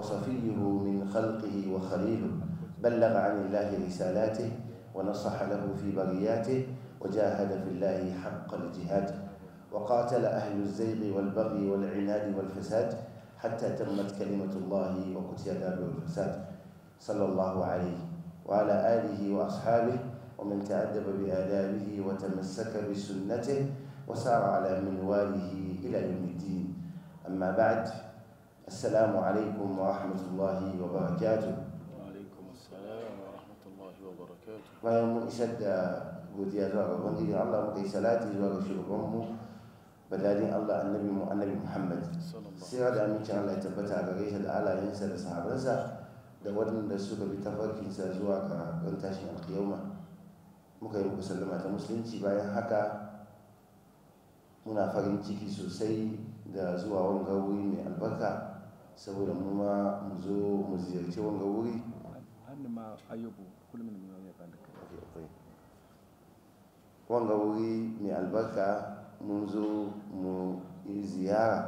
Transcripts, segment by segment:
وصفيه من خلقه وخليله بلغ عن الله رسالاته ونصح له في بغياته وجاهد في الله حق الجهاد وقاتل أهل الزيغ والبغي والعناد والفساد حتى تمت كلمة الله وقتل الفساد صلى الله عليه وعلى آله وأصحابه ومن تأدب بآدابه وتمسك بسنته وسار على منواله إلى يوم الدين أما بعد السلام عليكم ورحمة الله وبركاته bayan mun isar da godiya zuwa ga ubangiji Allah muka yi salati zuwa ga shugabanmu badalin Allah annabi mu annabi Muhammad sai da amincin Allah ya tabbata ga gaishe da alayensa da sahabansa da waɗanda suka bi tafarkinsa zuwa ga ran tashin alkiyama muka yi muku sallama ta musulunci bayan haka muna farin ciki sosai da zuwa wanga wuri mai albarka saboda mu ma mu zo mu ziyarci wanga wuri wanga wuri mai albarka mun zo mu yi ziyara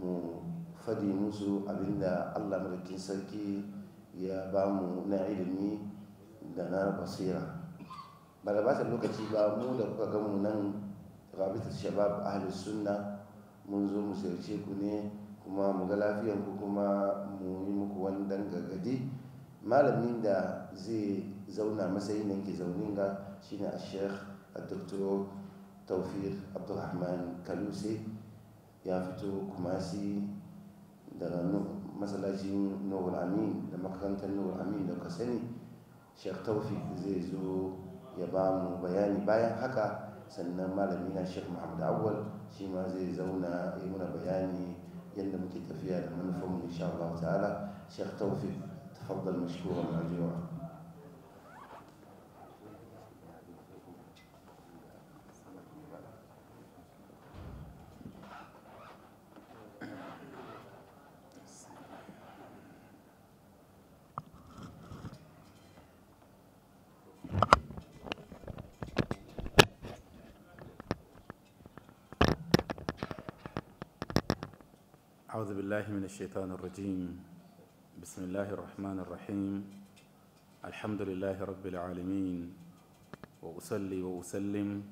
mu fadi musu abinda allah madaukin sarki ya ba mu na ilimi da na basira ba da bata lokaci ba mu da kuka gamu nan rabita shabab ahalus sunna mun zo mu ziyarce ku ne kuma mu ga lafiyar ku kuma mu yi muku wani dan gargadi malamin da zai zauna matsayin nan zaunin ga shine a sheikh a doktor taufir abdulrahman kaluse ya fito kumasi daga masallacin nurul amin da makarantar nurul amin da ka sani sheikh taufik zai zo ya ba mu bayani bayan haka sannan malamina na sheikh muhammad awwal shi ma zai zauna ya muna bayani ديالنا متيتا فيها لما نفهم ان شاء الله تعالى شيخ توفيق تفضل مشكورا على الجمهور بالله من الشيطان الرجيم بسم الله الرحمن الرحيم الحمد لله رب العالمين وأصلي وأسلم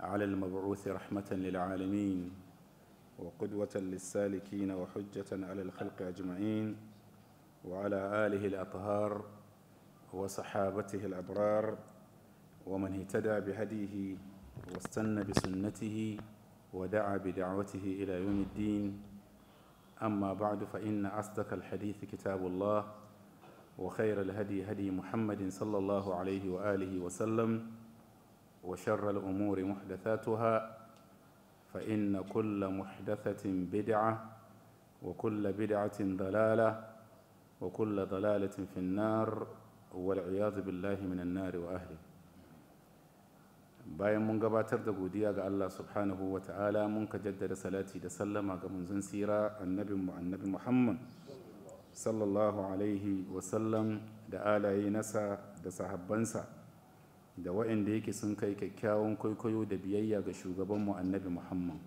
على المبعوث رحمة للعالمين وقدوة للسالكين وحجة على الخلق أجمعين وعلى آله الأطهار وصحابته الأبرار ومن اهتدى بهديه واستنى بسنته ودعا بدعوته إلى يوم الدين أما بعد فإن أصدق الحديث كتاب الله وخير الهدي هدي محمد صلى الله عليه وآله وسلم وشر الأمور محدثاتها فإن كل محدثة بدعة وكل بدعة ضلالة وكل ضلالة في النار والعياذ بالله من النار وأهله bayan mun gabatar da godiya ga Allah subhanahu wa ta'ala mun ka jaddada salati da sallama ga munzan sira annabin mu annabi Muhammad sallallahu alaihi wa sallam da alaye nasa da sahabbansa da waɗanda yake sun kai kyakkyawan kwaikwayo da biyayya ga shugabanmu annabi Muhammad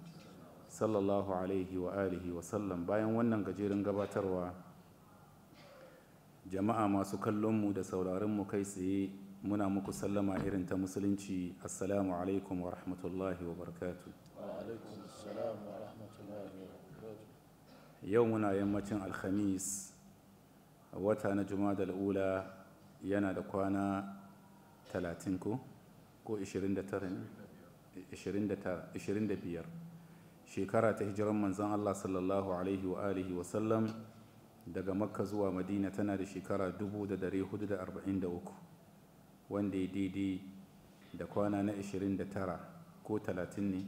sallallahu alaihi wa alihi wa sallam bayan wannan gajeren gabatarwa jama'a masu kallon mu da sauraron mu kai tsaye muna muku sallama irin ta musulunci assalamu alaikum wa rahmatullahi wa barakatu yau muna yammacin alhamis wata na juma'a ula yana da kwana 30 ko 25 shekara ta hijiran manzan allah sallallahu alaihi wa alihi wa sallam daga makka zuwa madina tana da shekara 1443 wanda ya daidai da kwana na 29 ko 30 ne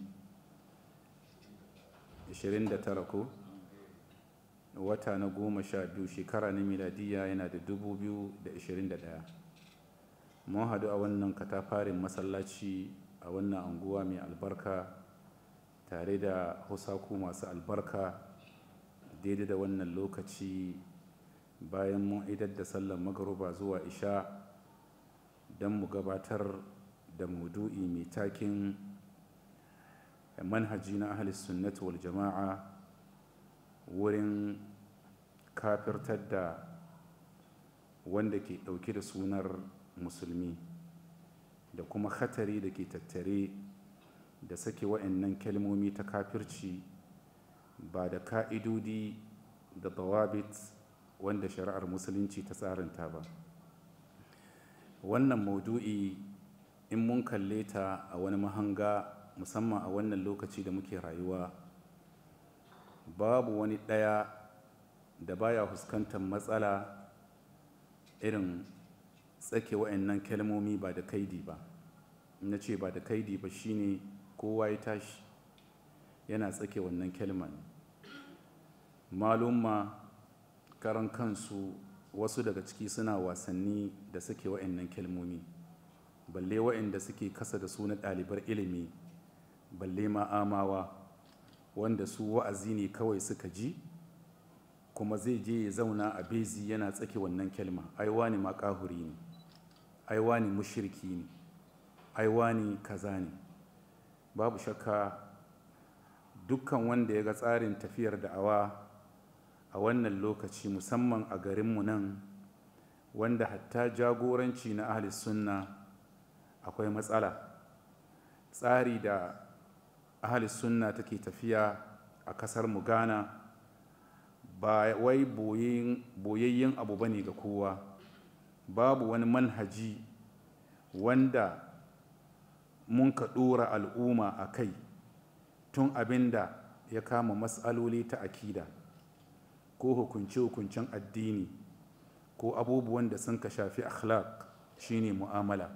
29 ko wata na goma sha biyu shekara na miladiya yana da 2021 mun hadu a wannan katafarin masallaci a wannan anguwa mai albarka tare da husaku masu albarka daidai da wannan lokaci bayan mun idar da sallar magaruba zuwa isha don mu gabatar da mudu'i mai takin manhaji na ahli sunnati wal jama'a wurin kafirtar da wanda ke ɗauke da sunar musulmi da kuma hatari da ke tattare da sake wa'annan kalmomi ta kafirci ba da ka'idodi da dawabit wanda shari'ar musulunci ta tsarinta ba wannan maudu'i in mun kalle ta a wani mahanga musamman a wannan lokaci da muke rayuwa babu wani ɗaya da baya fuskantar matsala irin tsake wa'annan kalmomi ba da kaidi ba na ce ba da kaidi ba shine kowa ya tashi yana tsake wannan kalman malumma karan kansu wasu daga ciki suna wasanni da suke wa'annan kalmomi balle wa'anda suke kasa da su na ɗalibar ilimi balle ma amawa wanda su wa'azi ne kawai suka ji kuma zai je ya zauna a bezi yana tsaki wannan kalma aiwa ne makahuri ne aiwa ne mushirki ne aiwa ne kaza ne babu shakka dukkan wanda ya ga tsarin tafiyar da'awa a wannan lokaci musamman a garinmu nan wanda hatta jagoranci na ahli sunna akwai matsala tsari da ahli sunna take tafiya a kasar mu ghana ba wai boyayyen abu ba ne ga kowa babu wani manhaji wanda mun ka ɗora al'umma a kai tun abin da ya kama matsaloli ta akida ko hukunce-hukuncen addini ko abubuwan da sun ka shafi akhlaq shine mu'amala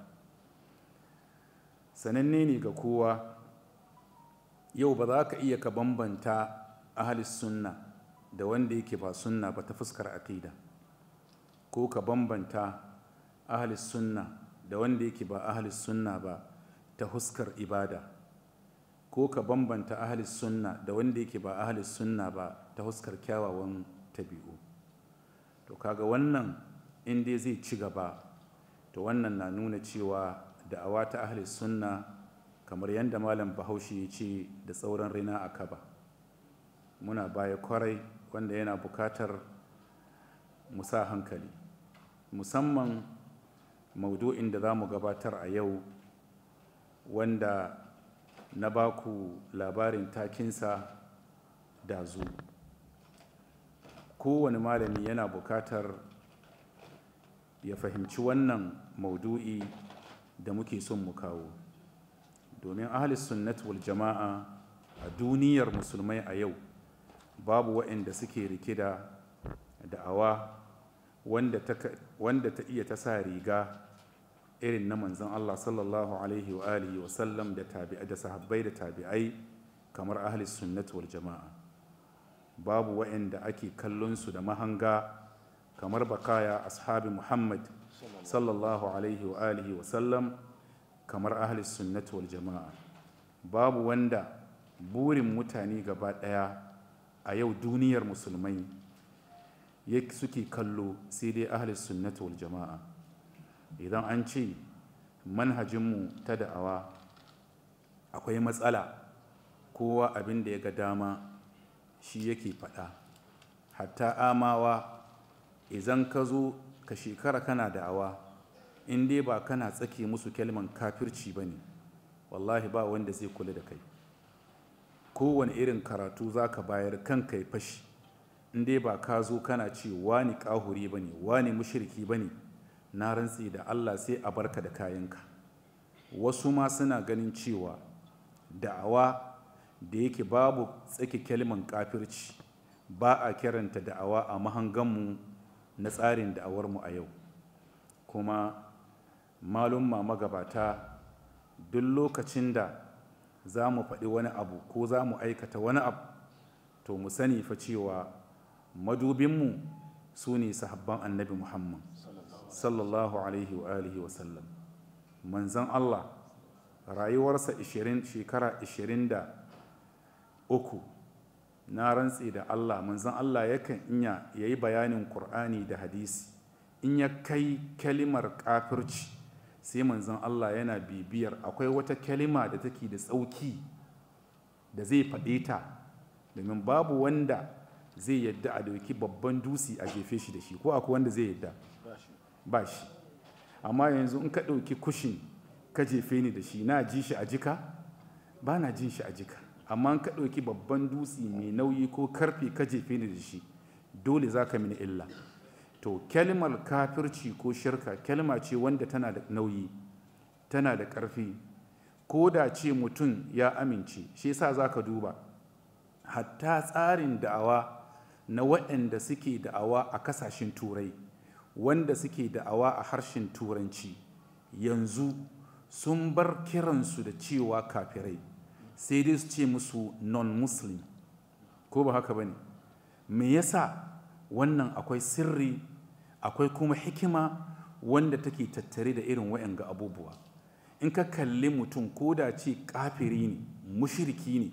sananne ne ga kowa yau ba za ka iya ka bambanta ahalis sunna da wanda yake ba sunna ba ta fuskar aqida ko ka bambanta ahalis sunna da wanda yake ba ahalis sunna ba ta huskar ibada ko ka bambanta ahalis sunna da wanda yake ba ahalis sunna ba ta huskar kyawawan biyu to kaga wannan in dai zai ci gaba to wannan na nuna cewa da'awa ta ahli sunna kamar yadda malam bahaushe ya ce da tsauran rina a kaba muna baya kwarai wanda yana bukatar musa hankali musamman maudu'in da za mu gabatar a yau wanda na baku labarin takinsa da zuwa kowane malami yana bukatar ya fahimci wannan maudu'i da muke son mu kawo domin ahli sunnat wal jama'a a duniyar musulmai a yau babu wa'anda suke rike da da'awa wanda ta iya ta sa riga irin na manzon Allah sallallahu alaihi wa alihi wa sallam da tabi'ai da sahabbai da tabi'ai kamar ahli sunnat wal jama'a babu wa'anda ake kallon su da mahanga kamar bakaya ashabi muhammad sallallahu alaihi wa alihi wa sallam kamar ahli sunnati wal jama'a babu wanda burin mutane gaba daya a yau duniyar musulmai suke kallo sai dai ahli sunnati wal jama'a idan an ce manhajinmu ta da'awa akwai matsala kowa abin da ya ga dama shi yake faɗa hatta amawa idan ka zo ka shekara kana da'awa in dai ba kana tsake musu kalman kafirci ba ne wallahi ba wanda zai kula da kai kowane irin karatu za ka bayar kanka ya fashi in dai ba ka zo kana ce wani ƙahuri ba ne wani mushirki ba ne na rantsi da allah sai a barka da kayanka wasu ma suna ganin cewa da'awa da yake babu tsaki kalman kafirci ba a kiranta da'awa a mahanganmu na tsarin da'awarmu a yau kuma malum ma magabata duk lokacin da za mu faɗi wani abu ko za mu aikata wani abu to mu sani fa cewa madubinmu su ne sahabban annabi muhammad sallallahu alaihi wa alihi wa sallam manzan allah rayuwarsa 20 shekara 20 da uku na rantse da Allah manzon Allah yakan iya yayi bayanin Qur'ani da hadisi in ya kai kalimar kafirci sai manzon Allah yana bibiyar akwai wata kalima da take da tsauki da zai faɗe ta domin babu wanda zai yadda a dauki babban dusi a jefe shi da shi ko akwai wanda zai yadda ba shi amma yanzu in ka ɗauki kushin ka jefe ni da shi na ji shi a jika ba na jin shi a jika amma ka ɗauki babban dutse mai nauyi ko karfe ka jefe ni da shi dole za ka mini illa to kalmar kafirci ko shirka kalma ce wanda tana da nauyi tana da ƙarfi ko da ce mutum ya amince shi yasa za ka duba hatta tsarin da'awa na waɗanda suke da'awa a ƙasashen turai wanda suke da'awa a harshen turanci yanzu sun bar kiransu da cewa kafirai sai dai su ce musu non-muslim ko ba haka ba ne me yasa wannan akwai sirri akwai kuma hikima wanda take tattare da irin wa'yanga abubuwa in ka kalli mutum ko da ce kafiri ne mushiriki ne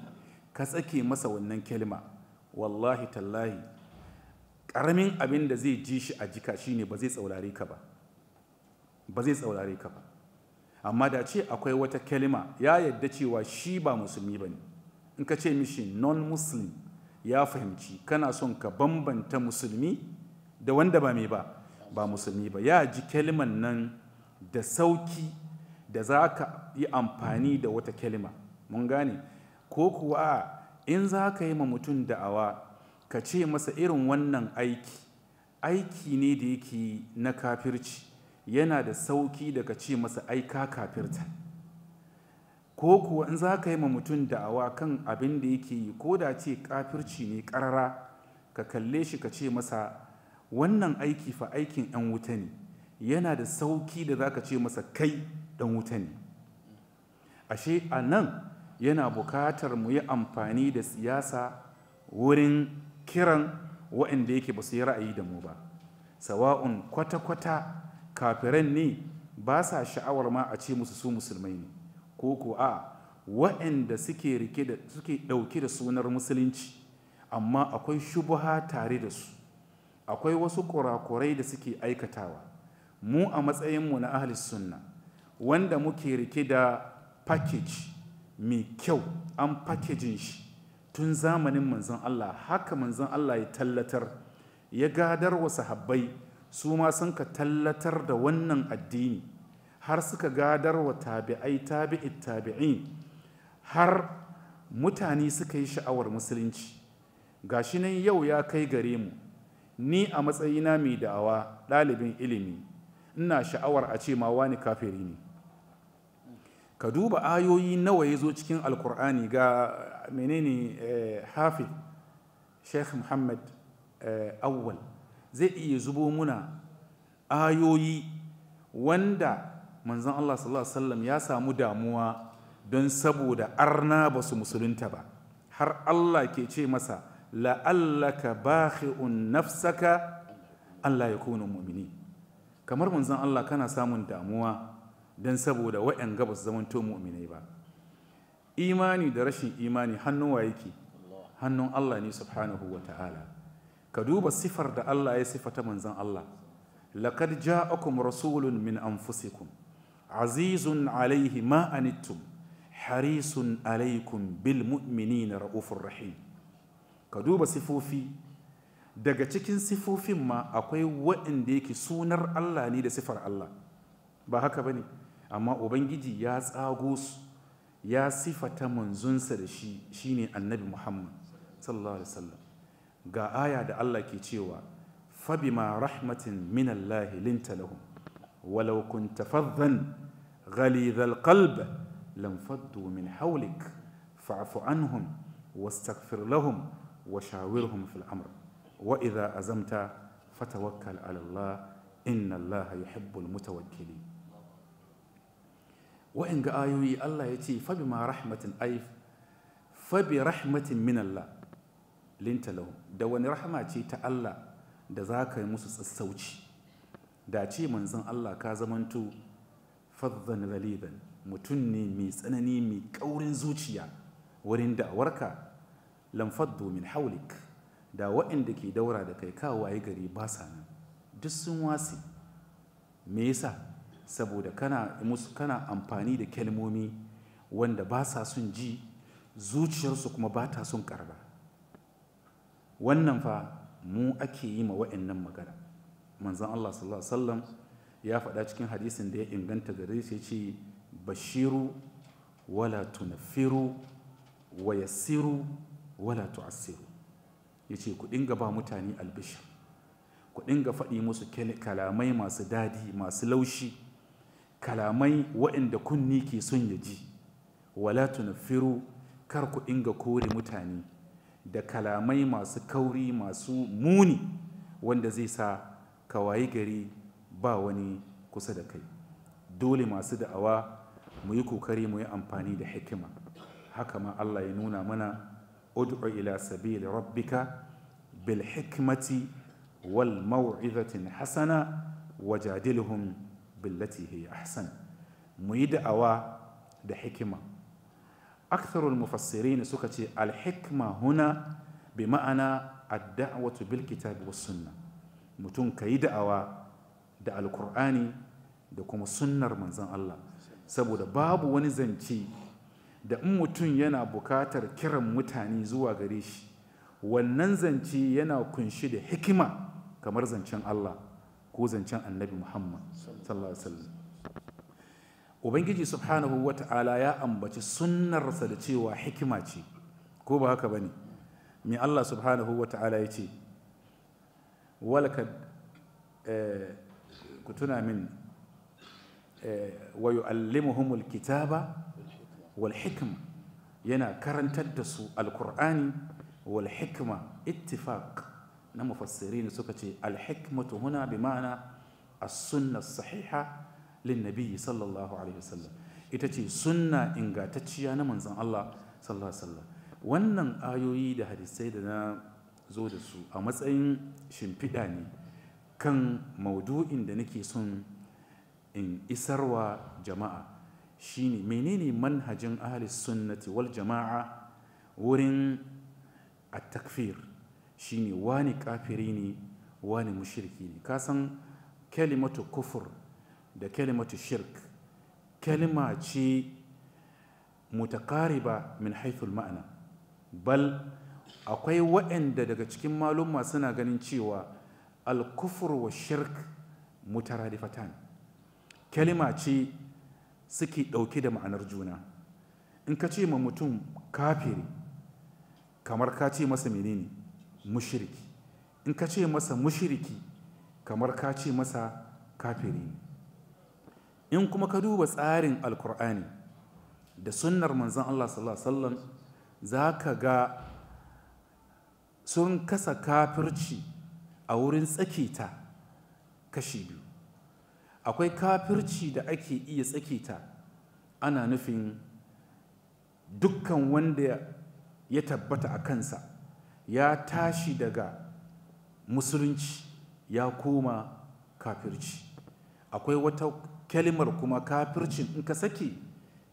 ka tsake masa wannan kalma wallahi tallahi karamin abin da zai ji shi a jika shine ba zai tsaurare ka ba ba zai tsaurare ka ba amma da ce akwai wata kalima ya yadda cewa shi ba musulmi ba ne in ka ce mishi non-muslim ya fahimci kana son ka bambanta musulmi da wanda ba mai ba ba musulmi ba ya ji kaliman nan da sauki da za ka yi amfani da wata kalima mun gane ko kuwa in za ka yi ma mutum da'awa ka ce masa irin wannan aiki aiki ne da yake na kafirci yana da sauki daga ce masa aika ka kafirta ko kuwa in za ka yi ma mutum da'awa kan abin da yake yi ko da ce kafirci ne karara ka kalle shi ka ce masa wannan aiki fa aikin 'yan wuta ne yana da sauki da za ka ce masa kai ɗan wuta ne ashe a nan yana bukatar mu yi amfani da siyasa wurin kiran waɗanda yake ba su yi ra'ayi da mu ba sawa'un kwata-kwata kafiran ne ba sa sha'awar ma a ce musu su musulmai ne ko ko a waɗanda suke rike da suke ɗauke da sunar musulunci amma akwai shubuha tare da su akwai wasu kurakurai da suke aikatawa mu a matsayinmu na ahli sunna wanda muke rike da package mai kyau an packaging shi tun zamanin manzon Allah haka manzon Allah ya tallatar ya gadar wa sahabbai su ma sun ka tallatar da wannan addini har suka gadar wa tabi'ai tabi'it tabi'in har mutane suka yi sha'awar musulunci gashi nan yau ya kai gare mu ni a matsayina mai da'awa ɗalibin ilimi ina sha'awar a ce ma wani kafiri ne ka duba ayoyi nawa ya zo cikin alkur'ani ga menene eh, hafi sheikh muhammad eh, awwal zai iya zubo muna ayoyi wanda manzon Allah sallallahu alaihi wasallam ya samu damuwa don saboda arna ba su musulunta ba har Allah ke ce masa la'allaka bakhi'un nafsaka Allah ya kuna mu'mini kamar manzon Allah kana samun damuwa don saboda wa'yan gaba su zamanto mu'minai ba imani da rashin imani hannun wa yake hannun Allah ne subhanahu wa ta'ala ka duba sifar da Allah ya sifata manzon Allah laqad ja'akum rasulun min anfusikum azizun alaihi ma anittum harisun alaikum bil mu'minina raufur rahim ka duba sifofi daga cikin sifofin ma akwai waɗanda yake sunar Allah ne da sifar Allah ba haka bane amma ubangiji ya tsago su ya sifata manzunsa da shi shine annabi Muhammad sallallahu alaihi wasallam ga aya da Allah ke cewa fabima rahmatin min Allah linta lahum walau kunta faddan ghalizal qalb lam faddu min hawlik fa'fu anhum wastaghfir lahum washawirhum fil amr wa idha azamta fatawakkal ala Allah inna Allah yuhibbul mutawakkili wa in ga ayoyi Allah yace fabima rahmatin ay fabi rahmatin min Allah linta da wani rahama ce ta Allah da za ka yi musu tsassauci da ce manzon Allah ka zamanto fadzan ghalidan mutum ne mai tsanani mai ƙaurin zuciya wurin da'awarka lam faddu min haulik da waɗanda ke daura da kai kawaye gari ba sa nan duk sun wasi me yasa saboda kana musu kana amfani da kalmomi wanda ba sa sun ji zuciyarsu kuma ba ta sun karba wannan fa mu ake yi ma wa'annan magana manzon Allah sallallahu alaihi wasallam ya faɗa cikin hadisin da ya inganta gare shi ce bashiru wala tunfiru wa yassiru wala tu'assiru yace ku dinga ba mutane albishir ku dinga faɗi musu kalamai masu dadi masu laushi kalamai waɗanda kunni ke son ya ji wala Tunafiru kar ku dinga kore mutane da kalamai masu kauri masu muni wanda zai sa ka wayi gari ba wani kusa da kai dole masu da'awa mu yi kokari mu yi amfani da hikima haka ma Allah ya nuna mana ud'u ila sabili rabbika bil hikmati wal maw'izatin hasana wajadilhum billati hiya ahsan mu yi da'awa da hikima aktharul mufassirin suka ce alhikma huna bi ma'ana ad-da'watu bil kitabi was sunna mutum kayi da'awa da alkur'ani da kuma sunnar manzon Allah saboda babu wani zance da in mutum yana buƙatar kiran mutane zuwa gare shi wannan zance yana ƙunshi da hikima kamar zancen Allah ko zancen annabi Muhammad sallallahu alaihi wasallam ubangiji subhanahu wata'ala ya ambaci sunnarsa da cewa hikima ce ko ba haka bane me Allah subhanahu wata'ala ya ce walakad kutuna min wa yu'allimuhumul kitaba wal hikma yana karantar da su alqur'ani wal hikma ittifaq na mufassirin suka ce al hikmatu huna bi ma'ana as-sunnah as-sahiha lin sallallahu alaihi wasallam ita ce sunna ingantacciya na manzon Allah sallallahu alaihi wasallam wannan ayoyi da hadisai da na zo da su a matsayin shimfiɗa ne kan maudu'in da nake son in isarwa jama'a shine menene manhajin ahli sunnati wal jama'a wurin at-takfir shine wani kafiri ne wani mushriki ne kasan kalimatu kufur da kalimatu shirk kalima ce mutakariba min haithul ma'ana bal akwai waɗanda daga cikin malumma suna ganin cewa alkufur wa shirk mutaradifatan kalima ce suke ɗauke da ma'anar juna in ka ce ma mutum kafiri kamar ka ce masa menene mushiriki in ka ce masa mushiriki kamar ka ce masa kafiri ne in kuma ka duba tsarin alkur'ani da sunnar manzon Allah sallallahu alaihi za ka ga sun kasa kafirci a wurin tsakita kashi biyu akwai kafirci da ake iya tsakita ana nufin dukkan wanda ya tabbata a kansa ya tashi daga musulunci ya koma kafirci akwai wata kalimar kuma kafircin in ka saki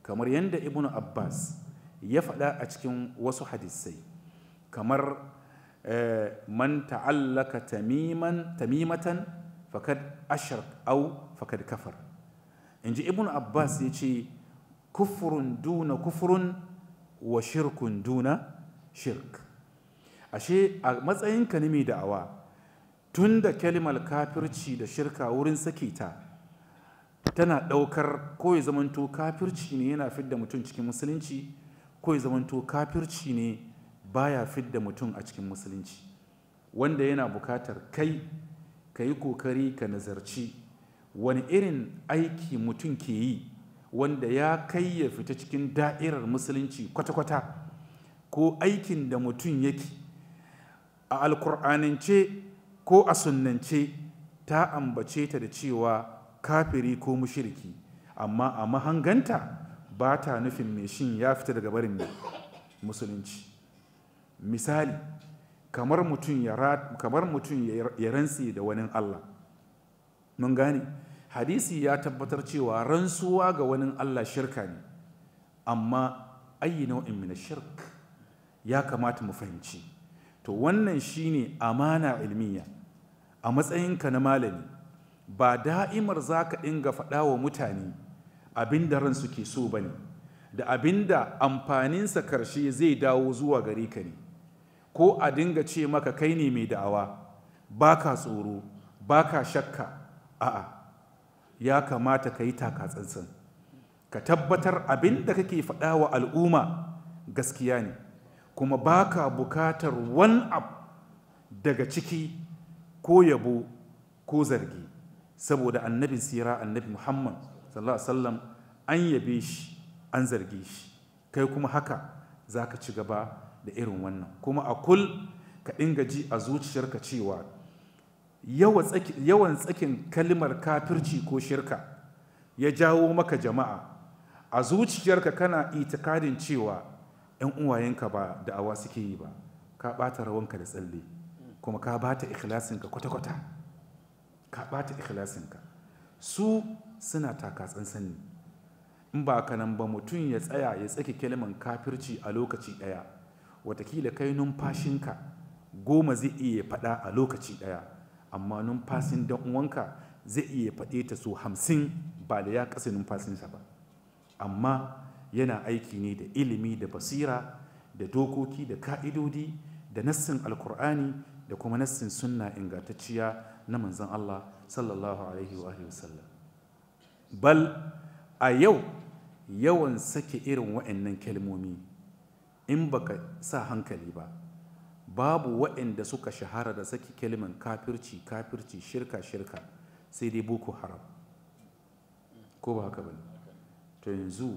kamar yadda ibn abbas ya faɗa a cikin wasu hadisai kamar eh, man ta'allaka tamiman tamimatan fakad ashar au fakad kafar in ji ibn abbas ya ce kufurun duna kufurun wa shirkun duna shirk ashe a matsayinka ne mai da'awa tun da kalimar kafirci da shirka wurin saki ta tana ɗaukar ko ya zamanto kafirci ne yana fidda mutum cikin musulunci ko ya zamanto kafirci ne baya fidda mutum a cikin musulunci wanda yana bukatar kai ka yi kokari ka nazarci wani irin aiki mutum ke yi wanda ya kai ya fita cikin da'irar musulunci kwata-kwata ko aikin da mutum yake a alkur'anance ko a sunnance ta ambace ta da cewa kafiri ko mushiriki amma a mahanganta ba ta nufin mashin shin ya fita daga barin mai musulunci misali kamar mutum ya rantsi da wani Allah mun gane hadisi ya tabbatar cewa rantsuwa ga wani Allah shirka ne amma ayi nau'in min shirk ya kamata mu fahimci to wannan shine amana ilmiya a matsayinka na malami ba da'imar za ka dinga faɗa wa mutane abin da ran suke so ba ne da abin da amfaninsa karshe zai dawo zuwa gare ka ne ko a dinga ce maka kai ne mai da'awa ba ka tsoro ba ka shakka a'a ya kamata ka yi takatsantsan ka tabbatar abin da kake faɗa wa al'umma gaskiya ne kuma ba ka bukatar wani abu daga ciki ko yabo ko zargi saboda annabin sira annabi muhammad sallallahu alaihi an yabe shi an zarge shi kai kuma haka za ka ci gaba da irin wannan kuma a kul ka dinga ji a zuciyarka cewa yawan tsakin kalimar kafirci ko shirka ya jawo maka jama'a a zuciyarka kana itikadin cewa 'yan uwayenka ba da'awa suke yi ba ka ɓata rawanka da tsalle kuma ka bata ikhlasinka kwata-kwata ka ɓata ikhlasinka su suna taka sani. in ba ka nan ba mutum ya tsaya ya tsaki kalmar kafirci a lokaci ɗaya watakila kai numfashinka goma zai iya faɗa a lokaci ɗaya amma numfashin dan uwanka zai iya faɗe ta su hamsin ba da ya kasa numfashinsa ba amma yana aiki ne da ilimi da basira da dokoki da ka'idodi da nassin alkur'ani da kuma nassin sunna ingantacciya na manzon Allah sallallahu alaihi wa sallam bal a yau yawan sake irin wa'annan kalmomi in baka sa hankali ba babu wa'anda suka shahara da sake kalman kafirci kafirci shirka shirka sai dai boko haram ko ba haka bane to yanzu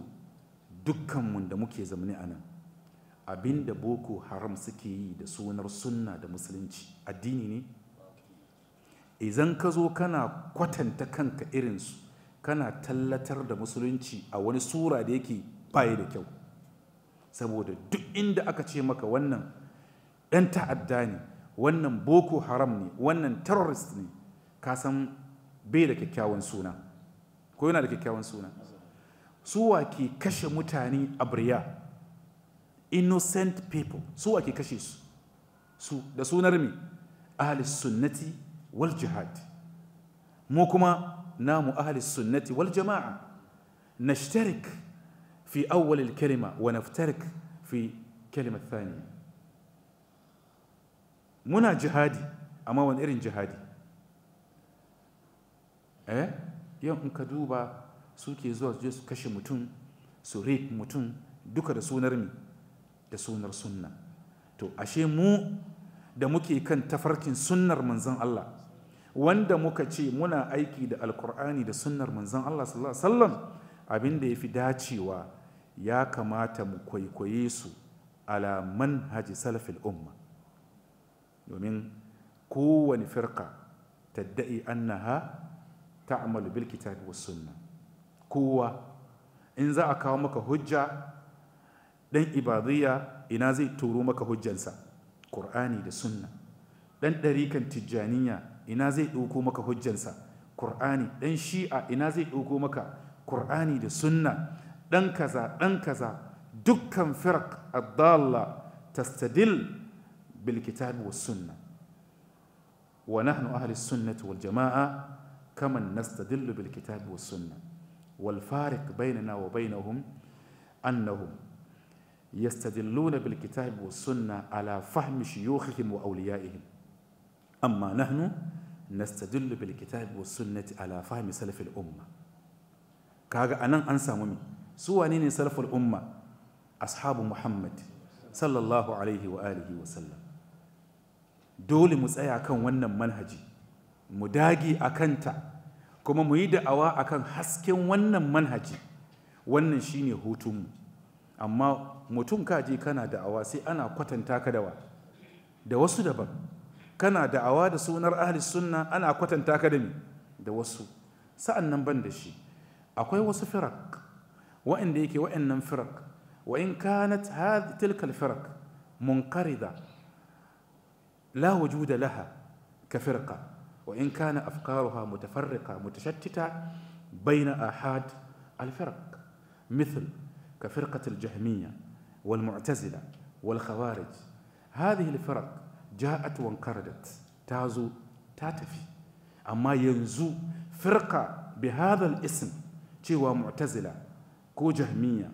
dukkanmu da muke zamani a nan abinda boko haram suke yi da sunar sunna da musulunci addini ne idan ka zo kana kwatanta kanka irinsu kana tallatar da musulunci a wani sura da yake baya da kyau saboda duk inda aka ce maka wannan ɗan ta'adda ne wannan boko haram ne wannan terrorist ne ka san bai da kyakkyawan suna ko yana da kyakkyawan suna suwa ke kashe mutane a birya innocent people suwa ke kashe su da sunar mai ahli sunnati والجهاد موكما نام أهل السنة والجماعة نشترك في أول الكلمة ونفترك في كلمة ثانية منا جهادي أما وان جهادي إيه؟ يوم انك دوبا سوكي زوز جيس كشي متون سوريك متون دوكا سونرمي رمي رسونا رسونا تو أشي مو دموكي كان تفركين من منزان الله wanda muka ce muna aiki da alkur'ani da sunnar manzon Allah sallallahu alaihi wasallam abin da yafi dacewa ya kamata mu kwaikwaye su ala manhaji salafil umma domin kowane firka tadda'i annaha ta'malu bil kitabi was sunna kowa in za a kawo maka hujja dan ibadiyya ina zai turo maka hujjansa qur'ani da sunna dan ɗarikan tijjaniya ina zai dauko maka hujjarsa qur'ani dan shi'a ina zai dauko maka qur'ani da sunna dan kaza dan kaza dukkan firq ad-dalla tastadil bil kitab was sunna wa nahnu ahli sunnati wal jama'a kama nastadil bil kitab was sunna wal fariq bainana wa bainahum annahum يستدلون بالكتاب والسنة على فهم شيوخهم وأوليائهم أما نحن نستدل بالكتاب والسنة على فهم سلف الأمة كاغا أنا أنسى ممي سوى نيني سلف الأمة أصحاب محمد صلى الله عليه وآله وسلم دول مسأي أكن ونن منهجي مداجي أكنتا كما ميد أوا أكن حسكن ونن منهجي wannan شيني هوتم أما mutum كاجي كان دعوا سي أنا قتن تاكدوا da da wasu kana da'awa da sunar ahli sunna ana kwatanta ka da me da wasu sa'an nan ban da shi akwai wasu firak wa'anda yake wa'annan firak wa in kanat hadhihi tilka al firak munqarida la wujuda laha ka firqa wa in kana afkaruha mutafarriqa mutashattita bayna ahad al firaq مثل كفرقة الجهمية والمعتزلة والخوارج هذه الفرق ja'at wankaradat ta zo ta tafi amma yanzu firka bi hadhal ism cewa mu'tazila ko jahmiya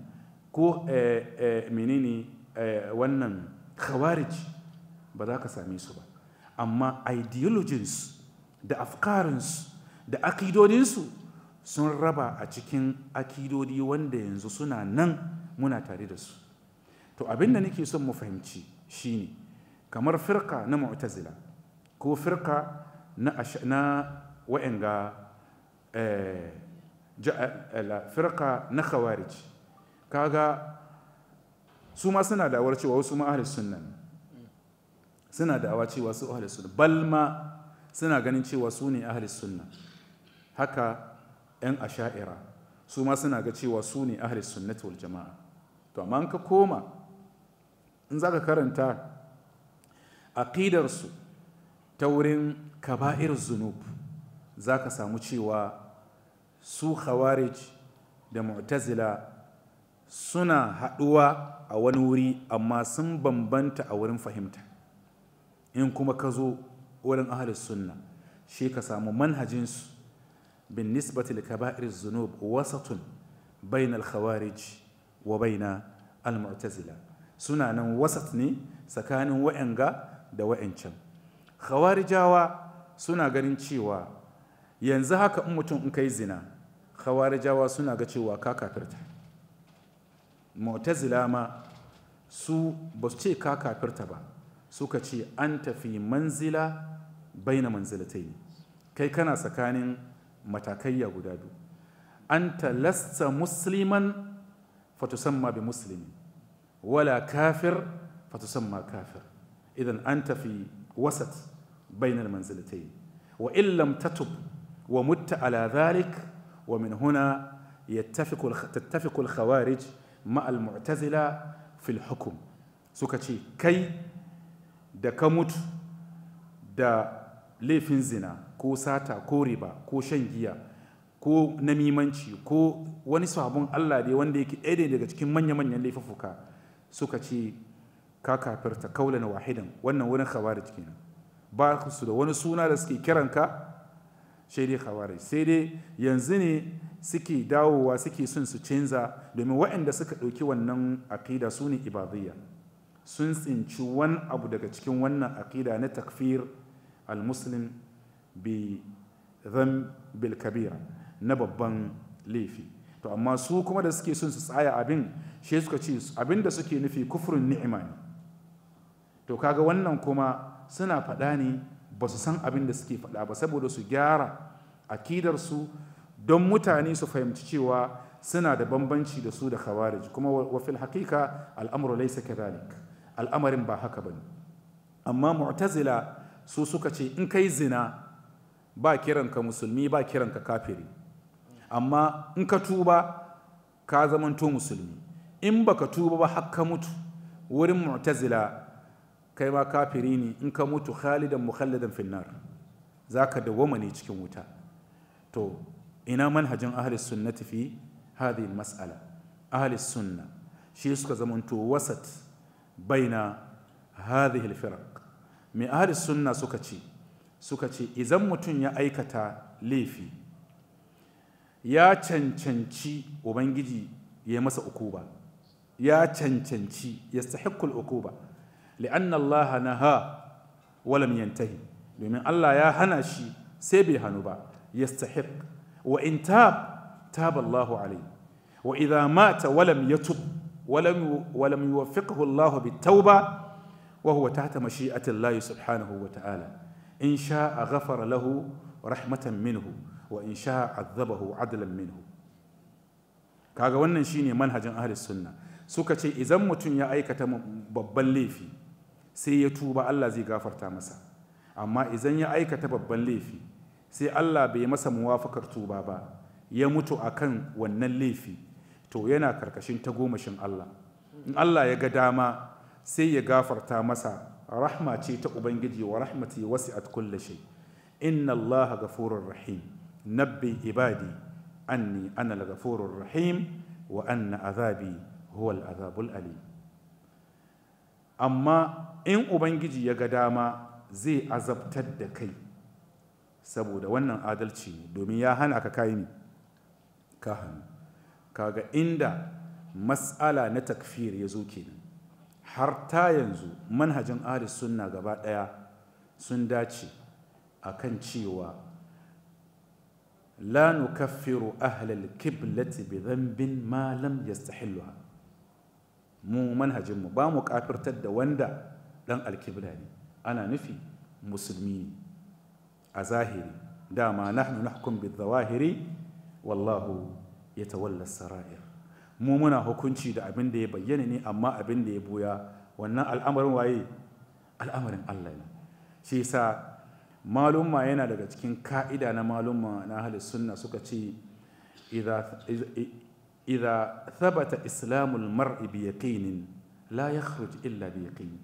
ko eh, eh, menene eh, wannan khawarij ba za ka same su ba amma ideologies da afkarinsu da akidodinsu sun raba a cikin akidodi wanda yanzu suna nan muna tare da su to abinda nake son mu fahimci shine kamar firka na mu'tazila ko firka na wa'anga eh, eh, firka na khawarij kaga su ma suna da'awar cewa wasu ma sunan, sunna suna da'awa cewa su ahli sunna balma suna ganin cewa su ne ahli sunna haka 'yan asha'ira su ma suna ga cewa su ne ahli sunnati wal jama'a to amma ka koma in za ka karanta aƙidarsu ta wurin kaba'ir zunub za ka samu cewa su khawarij da mu'tazila suna haɗuwa a wani wuri amma sun bambanta a wurin fahimta in kuma ka zo wurin ahalis sunna shi ka samu manhajinsu bin nisbatil kaba'ir zunub wasatun bainal khawarij wa baina al-mu'tazila suna nan wasat ne tsakanin wa'anga da wa'ancan khawarijawa suna ganin cewa yanzu haka in mutum in kai zina khawarijawa suna ga cewa ka kafirta mu'tazila ma su ba su ce ka kafirta ba suka ce an tafi manzila baina manzilatai kai kana tsakanin matakayya guda biyu anta lasta musliman fatusamma bi muslimi wala kafir ma kafir إذا أنت في وسط بين المنزلتين وإن لم تتب ومت على ذلك ومن هنا يتفق تتفق الخوارج مع المعتزلة في الحكم سكتي كي دا كموت دا ليفين زنا كو ساتا كو ربا كو شنجيا كو نميمانشي كو ونسو الله دي وان دي كي ايدي دي كي من يمن يلي ففوكا سكتي ka kafirta na wahidan wannan wurin khawarij kenan ba su da wani suna da suke kiranka sai dai khawarij sai dai yanzu ne suke dawowa suke son su canza domin waɗanda suka ɗauki wannan aƙida su ne ibadiyya sun tsinci wani abu daga cikin wannan aƙida na takfir al-muslim bi zan bil kabira na babban laifi to amma su kuma da suke son su tsaya abin shi suka ce abin da suke nufi kufurin ni'ima ne to kaga wannan kuma suna faɗa ne ba su san abin da suke faɗa ba saboda su gyara akidarsu don mutane su fahimci cewa suna da bambanci da su da khawarij kuma wa fil haqiqa al'amru laysa kadhalik al'amarin ba haka bane amma mu'tazila su suka ce in kai zina ba kiran ka musulmi ba kiran ka kafiri amma in ka tuba ka zamanto musulmi in baka tuba ba har ka mutu wurin mu'tazila kai ma kafiri ne in ka mutu khalidan mukhalladan finnar zaka dawwama ne cikin wuta to ina manhajin ahli sunnati fi hadhihi mas'ala ahli sunna shi suka zamanto wasat baina hadhihi al-firaq ahli sunna suka ce suka ce idan mutum ya aikata laifi ya cancanci ubangiji ya masa ukuba ya cancanci ya stahiqqul ukuba لأن الله نهى ولم ينتهي لمن الله يا هنا شي سيبي هنوبا يستحق وإن تاب تاب الله عليه وإذا مات ولم يتب ولم ولم يوفقه الله بالتوبة وهو تحت مشيئة الله سبحانه وتعالى إن شاء غفر له رحمة منه وإن شاء عذبه عدلا منه kaga wannan shine manhajin ahli sunna suka ce idan mutum ya aikata babban laifi sai ya tuba Allah zai gafarta masa amma idan ya aikata babban laifi sai Allah bai masa muwafakar tuba ba ya mutu akan wannan laifi to yana karkashin tagomashin Allah in Allah ya ga dama sai ya gafarta masa rahma ce ta ubangiji wa rahmati wasi'at kulli shay inna allaha ghafurur rahim nabbi ibadi anni ana al-ghafurur rahim wa anna azabi huwa al-azabul alim amma in ubangiji ya ga dama zai azabtar da kai saboda wannan adalci domin ya hana ka kayi ne ka hannu kaga inda mas'ala na takfir ya zo kenan har ta yanzu manhajin ahli sunna gaba ɗaya sun dace akan cewa la nukaffiru ahlal kiblati bi dhanbin ma lam yastahilluha mu manhajinmu ba mu kafirtar da wanda ɗan alkibla ne ana nufi musulmi ne a zahiri dama nahnu nahkum bizawahiri wallahu yatawalla sarair mu muna hukunci da abin da ya bayyana ne amma abin da ya buya wannan al'amarin waye al'amarin Allah ne shi yasa malumma yana daga cikin ka'ida na malumma na ahlus sunna suka ce Iza tabbata islamulmar biya kaini, la harji illa biya kaini.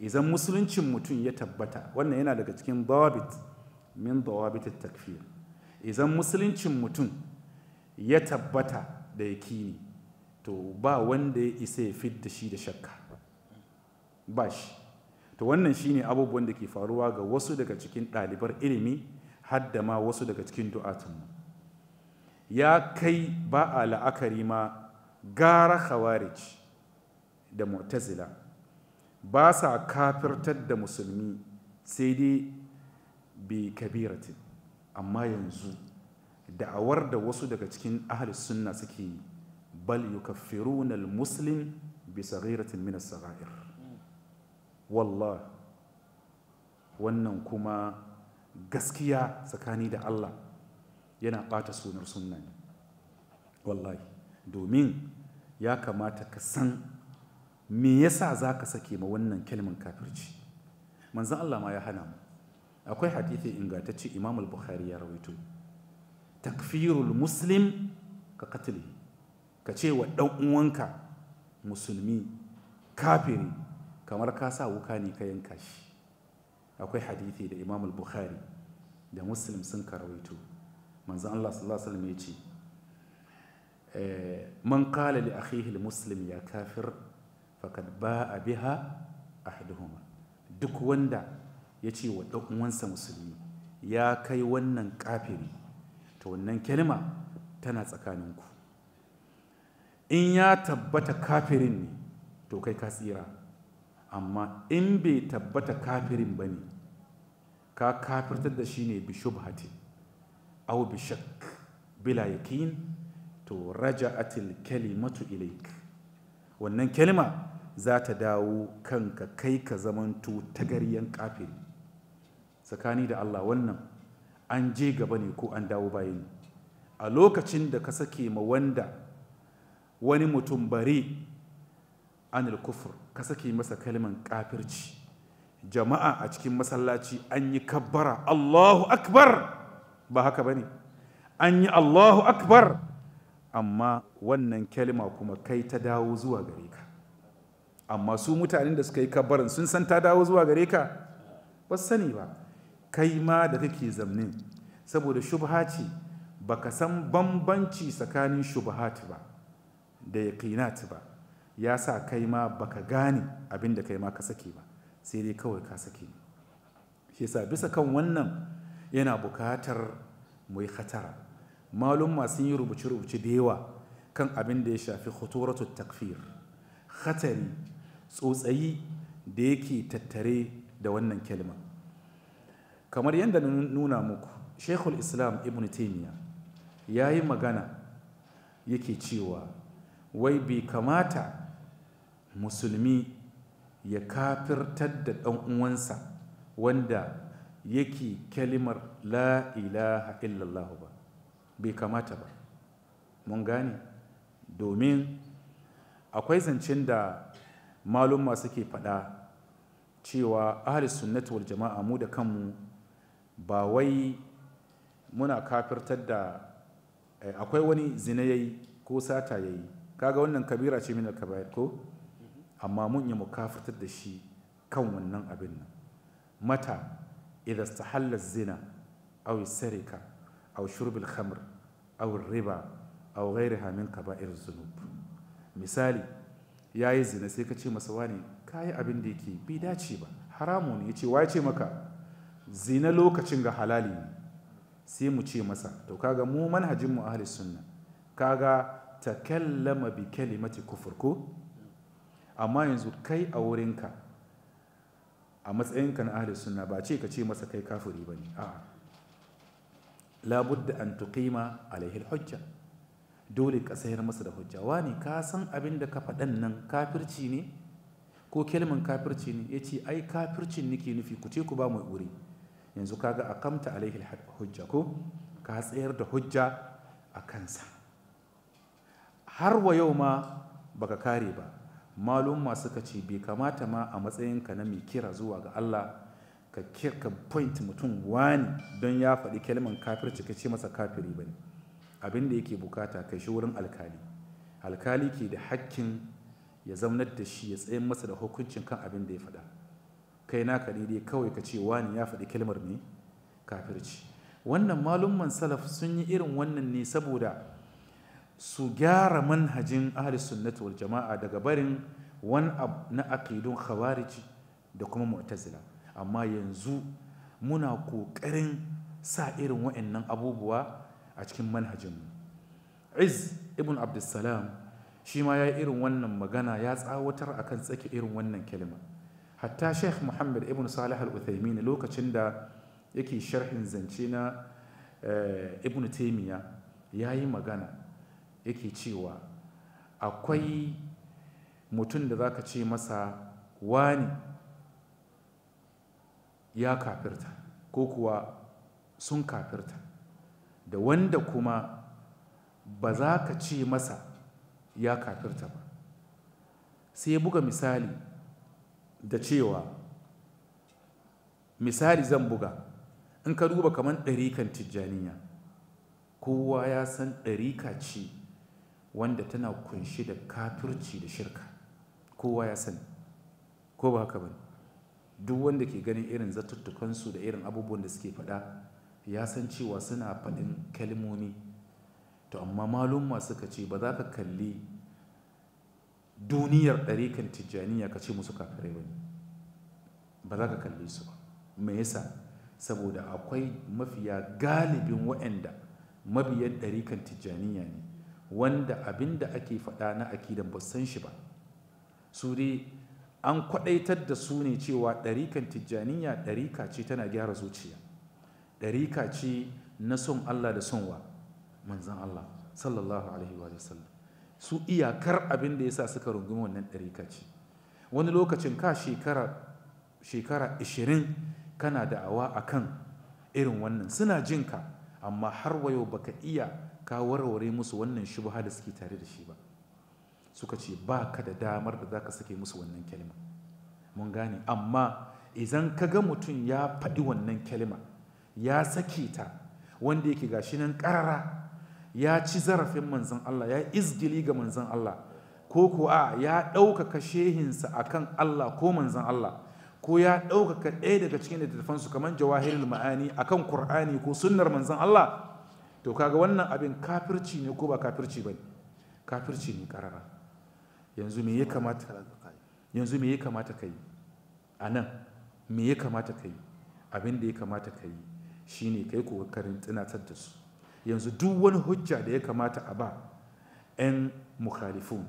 Izan musuluncin mutum ya tabbata, wannan yana daga cikin bawabin, min bawabi ta tafiyar. Izan musuluncin mutum ya tabbata da ya kini, to ba wanda ya isa ya fi da shi da shakka. Bash. To wannan shine abubuwan da ke faruwa ga wasu daga cikin ɗalibar ilimi, har da ma wasu daga cikin du'atun tunan. ya kai ba a la'akari ma gara khawarij da mu'tazila ba sa kafirtar da musulmi sai dai bi kabiratin amma yanzu da'awar da wasu daga cikin ahli sunna suke yi bal yukaffiruna al-muslim bi saghiratin min as-saghair wallah wannan kuma gaskiya tsakani da Allah yana ɓata sunar sunan ne wallahi domin ya kamata ka san me yasa za ka sake ma wannan kalmin kafirci manzan Allah ma ya hana mu akwai hadithi ingantacce Imam al-Bukhari ya rawaito takfirul muslim ka katili ka ce wa ɗan uwanka musulmi kafiri kamar ka sa wuka ne ka yanka shi akwai hadithi da Imam al-Bukhari da Muslim sun ka rawaito manzo Allah sallallahu alaihi wasallam yace eh, man qala li akhihi muslim ya kafir faqad ba'a biha ahaduhuma duk wanda yace wa ɗan uwansa musulmi ya kai wannan kafiri to wannan kalma tana ku in ya tabbata kafirin ne to kai ka tsira amma in bai tabbata kafirin ba ne ka kafirtar da shi ne bi shubhatin aw bi shakk bila yakin to raja'atil kalimatu ilaik wannan kalma za ta dawo kanka kai ka zamanto tagaryan kafiri tsakani da Allah wannan an je gaba ne ko an dawo baya ne a lokacin da ka sake ma wanda wani mutum bari anil kufur ka sake masa kalman kafirci jama'a a cikin masallaci an yi kabbara Allahu akbar ba haka ba ne an yi allahu akbar amma wannan kalima kuma kai ta dawo zuwa gare ka amma su mutanen da suka yi kabarin sun san ta dawo zuwa gare ka ba sani ba kai ma da kake zamnin saboda shubha ce baka san bambanci tsakanin shubhat ba da yaqinat ba ya sa kai ma baka gane abin da kai ma ka sake ba sai dai kawai ka sake shi yasa bisa kan wannan yana bukatar mu yi hatara malum sun yi rubuce-rubuce da yawa kan abin da ya shafi khuturatu takfir khatari tsotsayi da yake tattare da wannan kalma kamar yadda na nuna muku shekul islam ibn taimiyya ya yi magana yake cewa wai bai kamata musulmi ya kafirtar da ɗan uwansa wanda yake kalimar la ilaha illallah ba bai kamata ba mun gane domin akwai zancen da masu ke faɗa cewa ahli sunnatu wal jama'a mu da kanmu ba wai muna kafirtar da eh, akwai wani zina yayi ko sata yayi kaga wannan kabira ce min kabair ko amma mun yi mu kafirtar da shi kan wannan abin nan mata إذا sahallar zina, أو السرقة أو شرب الخمر أو الربا أو غيرها من كبائر الذنوب misali ya yi zina sai ka ce masa wani ka yi abin da yake bai dace ba haramu ne ya ce wace maka zina lokacin ga halali ne sai mu ce masa to kaga mu manhajin mu ahli sunna kaga takallama bi kalimati kufur ko amma yanzu kai a wurinka a matsayinka na ahli sunna ba ce ka ce masa kai kafuri kafiri ne. a'a da an a alaihi hujja dole ka sayar masa da hujja wani ka san abin da ka faɗan nan kafirci ne ko kelman kafirci ne Ya ce ai kafircin nake nufi ku ce ku ba mai wuri yanzu kaga a alaihi hujja ko ka tsayar da hujja a kansa har wa yau ma baka kare ba malumma suka ce bai kamata ma a matsayinka na mai kira zuwa ga Allah ka kirka point mutum wani don ya faɗi kalman kafirci ka ce masa kafiri bane abin da yake bukata kai shi wurin alkali alkali ke da hakkin ya zaunar da shi ya tsayin masa da hukuncin kan abin da ya faɗa kai naka ne dai kawai ka ce wani ya faɗi kalmar ne kafirci wannan malumman salaf sun yi irin wannan ne saboda su gyara manhajin ahli sunnatu wal jama'a daga barin wani abu na aqidun khawarij da kuma mu'tazila amma yanzu muna ƙoƙarin sa irin wa'annan abubuwa a cikin manhajinmu iz ibn abdussalam shi ma ya yi irin wannan magana ya tsawatar akan tsake irin wannan kalima hatta sheikh muhammad ibn salih al-uthaymin lokacin da yake sharhin zance na eh, ibn taymiya ya yi magana yake cewa akwai mutum da zaka ce masa wani ya kafirta ko kuwa sun kafirta da wanda kuma ba za ka ce masa ya kafirta ba sai buga misali da cewa misali zan buga in ka duba kamar ɗarikan tijjaniya kowa ya san ɗarika ce wanda tana kunshi da kafirci da shirka kowa ya sani ko ba haka ba duk wanda ke ganin irin zatuttukansu da irin abubuwan da suke faɗa ya san cewa suna faɗin kalmomi to amma malumma suka ce ba za ka kalli duniyar ɗarikan tijjaniya ka ce musu kafirai ba ba za ka kalli su ba me yasa saboda akwai mafiya galibin waɗanda mabiyan ɗarikan tijjaniya ne wanda abin da ake faɗa na akidan ba san shi ba su dai an kwaɗaitar da su ne cewa ɗarikan tijjaniya ɗarika ce tana gyara zuciya ɗarika ce na son Allah da son manzan Allah sallallahu alaihi wa sallam su iyakar abin da ya sa suka rungumi wannan ɗarika ce wani lokacin ka shekara shekara 20 kana da'awa kan irin wannan suna jinka amma har wayo baka iya ka warware musu wannan shubha da suke tare da shi ba suka ce ba ka da damar da zaka sake musu wannan kalma mun gane amma idan ka ga mutum ya faɗi wannan kalma ya sake ta wanda yake gashi nan ƙarara ya ci zarafin manzon Allah ya izgili ga manzon Allah ko kuwa ya ɗaukaka shehinsa kan Allah ko manzon Allah ko ya ɗaukaka ɗaya daga cikin littattafansu kamar jawahirul ma'ani akan ƙur'ani ko sunnar manzon Allah to kaga wannan abin kafirci ne ko ba kafirci ba kafirci ne karara yanzu me ya kamata yanzu me ya kamata ka yi a nan me ya kamata ka yi abin da ya kamata ka yi shine kai kokarin tunatar da su yanzu duk wani hujja da ya kamata a ba 'yan mukhalifun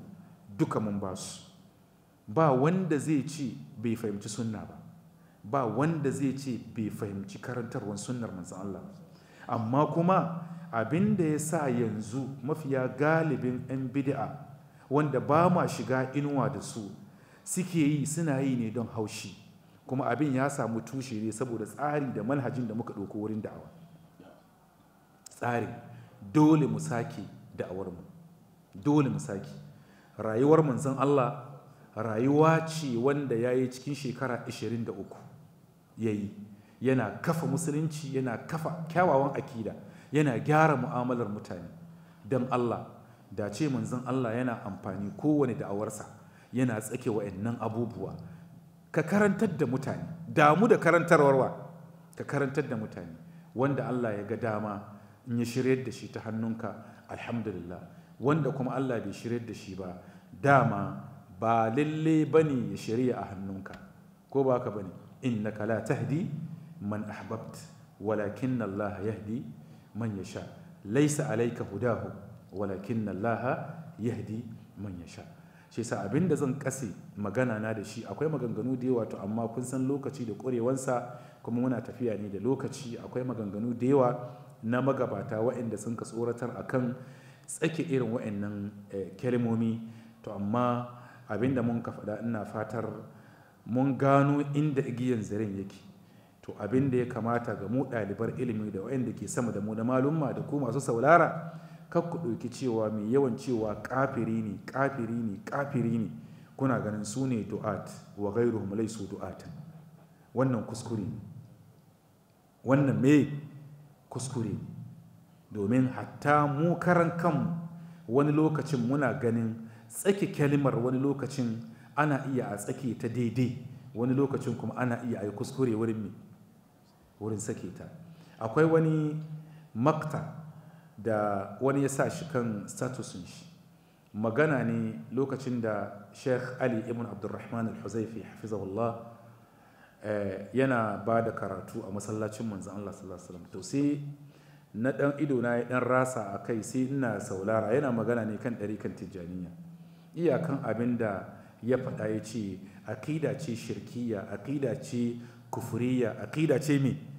duka mun ba su ba wanda zai ce bai fahimci sunna ba ba wanda zai ce bai fahimci karantarwar sunnar manzan Allah amma kuma abin da ya sa yanzu mafiya galibin 'yan bid'a wanda ba ma shiga inuwa da su suke yi suna yi ne don haushi kuma abin ya samu tushe ne saboda tsari da manhajin da muka ɗauko wurin da'awa tsari dole mu sake da'awarmu dole mu sake rayuwar manzon Allah rayuwa ce wanda ya yi cikin shekara 23 ya yi yana kafa musulunci yana kafa kyawawan akida yana gyara mu'amalar mutane don Allah da ce manzon Allah yana amfani kowane da'awarsa yana tsake nan abubuwa ka karantar da mutane damu da karantarwarwa ka karantar da mutane wanda Allah ya ga dama in ya shiryar da shi ta hannunka alhamdulillah wanda kuma Allah bai shiryar da shi ba dama ba lalle bane ya shirya a hannunka ko ba ka bane innaka la tahdi man ahbabt walakin Allah yahdi man yasha laisa alayka hudahu walakin Allah yahdi man yasha shi yasa abinda zan kase magana na da shi akwai maganganu da yawa to amma kun san lokaci da kwarewansa kuma muna tafiya ne da lokaci akwai maganganu da yawa na magabata waɗanda sun ka tsoratar akan tsake irin waɗannan eh, kalmomi to amma abinda mun ka faɗa ina fatar mun gano inda igiyan zaren yake to abin da ya kamata ga mu ɗalibar ilimi da waɗanda ke sama da mu na malumma da ku masu saulara kar ku ɗauki cewa mai yawan cewa kafiri ne kafiri ne kafiri ne kuna ganin su ne du'at wa gairu mu laisu du'atan wannan kuskure ne wannan me kuskure ne domin hatta mu karan kan wani lokacin muna ganin tsaki kalmar wani lokacin ana iya a tsaki ta daidai wani lokacin kuma ana iya a yi kuskure wurin mu wurin sake ta akwai wani makta da wani ya sa shi kan statusin shi magana ne lokacin da sheikh ali ibn abdurrahman al-huzaifi hafizahullah eh, yana ba da karatu a masallacin manzan Allah sallallahu alaihi to sai na ɗan ido na ya ɗan rasa a kai sai ina saulara yana magana ne kan ɗarikan tijjaniya iyakan abin da ya faɗa ya ce aƙida ce shirkiya aƙida ce kufuriya aƙida ce me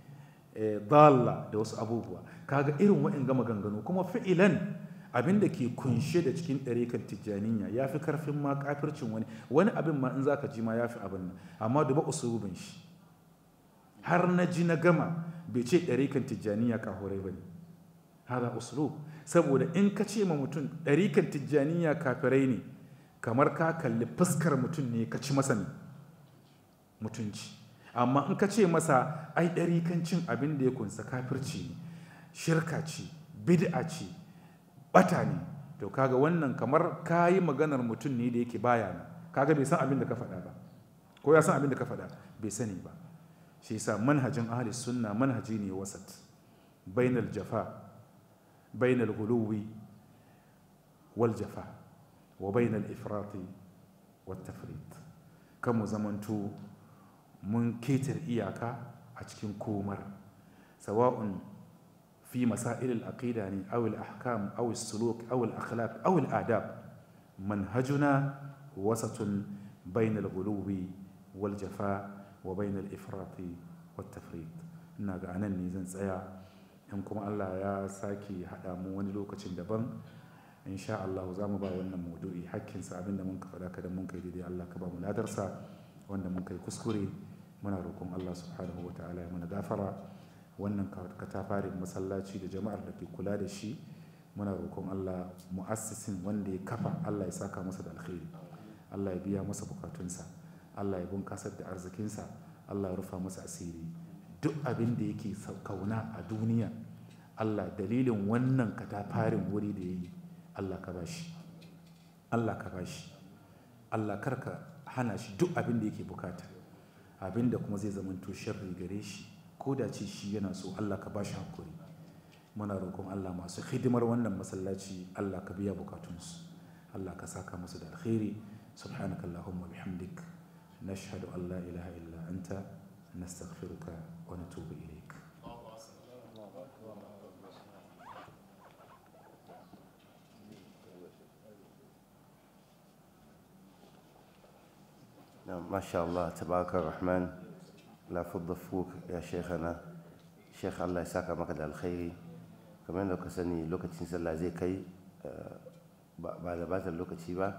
Eh, dalla da wasu abubuwa kaga irin gama maganganu kuma fi'ilan abin da ke kunshe da cikin ɗarikan tijjaniya ya fi karfin ma kafircin wani wani abin ma in za ka ji ma ya fi abin nan amma duba usulubin shi har na ji na gama bai ce ɗarikan tijjaniya ka horai ba ne hada usulub saboda in ka ce ma mutum ɗarikan tijjaniya kafirai ne kamar ka kalli fuskar mutum ne ka ci masa mutunci amma in ka ce masa ai ɗari kan cin abin da ya kunsa kafirci ne shirka ce bid'a ce ɓata ne to kaga wannan kamar ka yi maganar mutum ne da yake baya na kaga bai san abin da ka faɗa ba ko ya san abin da ka faɗa bai sani ba shi yasa manhajin ahli sunna manhaji ne wasat bainal jafa bainal guluwi wal jafa wa bainal ifrati wata tafrit kan mu zamantu mun ketar iyaka a cikin komar sawa'un fi masailil aqida ne aw al ahkam aw al suluk aw al akhlaq aw al adab manhajuna wasatun bain al ghuluwi wal jafa wa bain al ifrati wat tafrit ina ga anan ne zan tsaya in kuma Allah ya sake hada mu wani lokacin daban insha Allah za mu ba wannan maudu'i sa abinda mun ka faɗa kada mun kai daidai Allah ka ba mu ladarsa wanda mun kai kuskure muna roƙon Allah subhanahu wa ta'ala ya mana gafara wannan katafarin masallaci da jama'ar da ke kula da shi muna roƙon Allah mu'assisin wanda ya kafa Allah ya saka masa da alkhairi Allah ya biya masa bukatunsa Allah ya bunkasar da arzikinsa Allah ya rufa masa asiri duk abin da yake kauna a duniya Allah dalilin wannan katafarin wuri da ya yi Allah ka bashi Allah ka bashi Allah karka hana shi duk abin da yake bukata abin da kuma zai zamanto sharri gare shi ko da ce shi yana so Allah ka bashi hakuri muna roƙon Allah masu hidimar wannan masallaci Allah ka biya bukatunsu Allah ka saka musu da alkhairi subhanaka allahumma bihamdik nashhadu an la ilaha illa anta nastaghfiruka wa natubu ilayk ما شاء الله تبارك الرحمن لا فض فوق يا شيخنا شيخ Allah ya saka maka da alkhairi kamar yadda ka sani lokacin sallah zai kai eh, ba da lokaci ba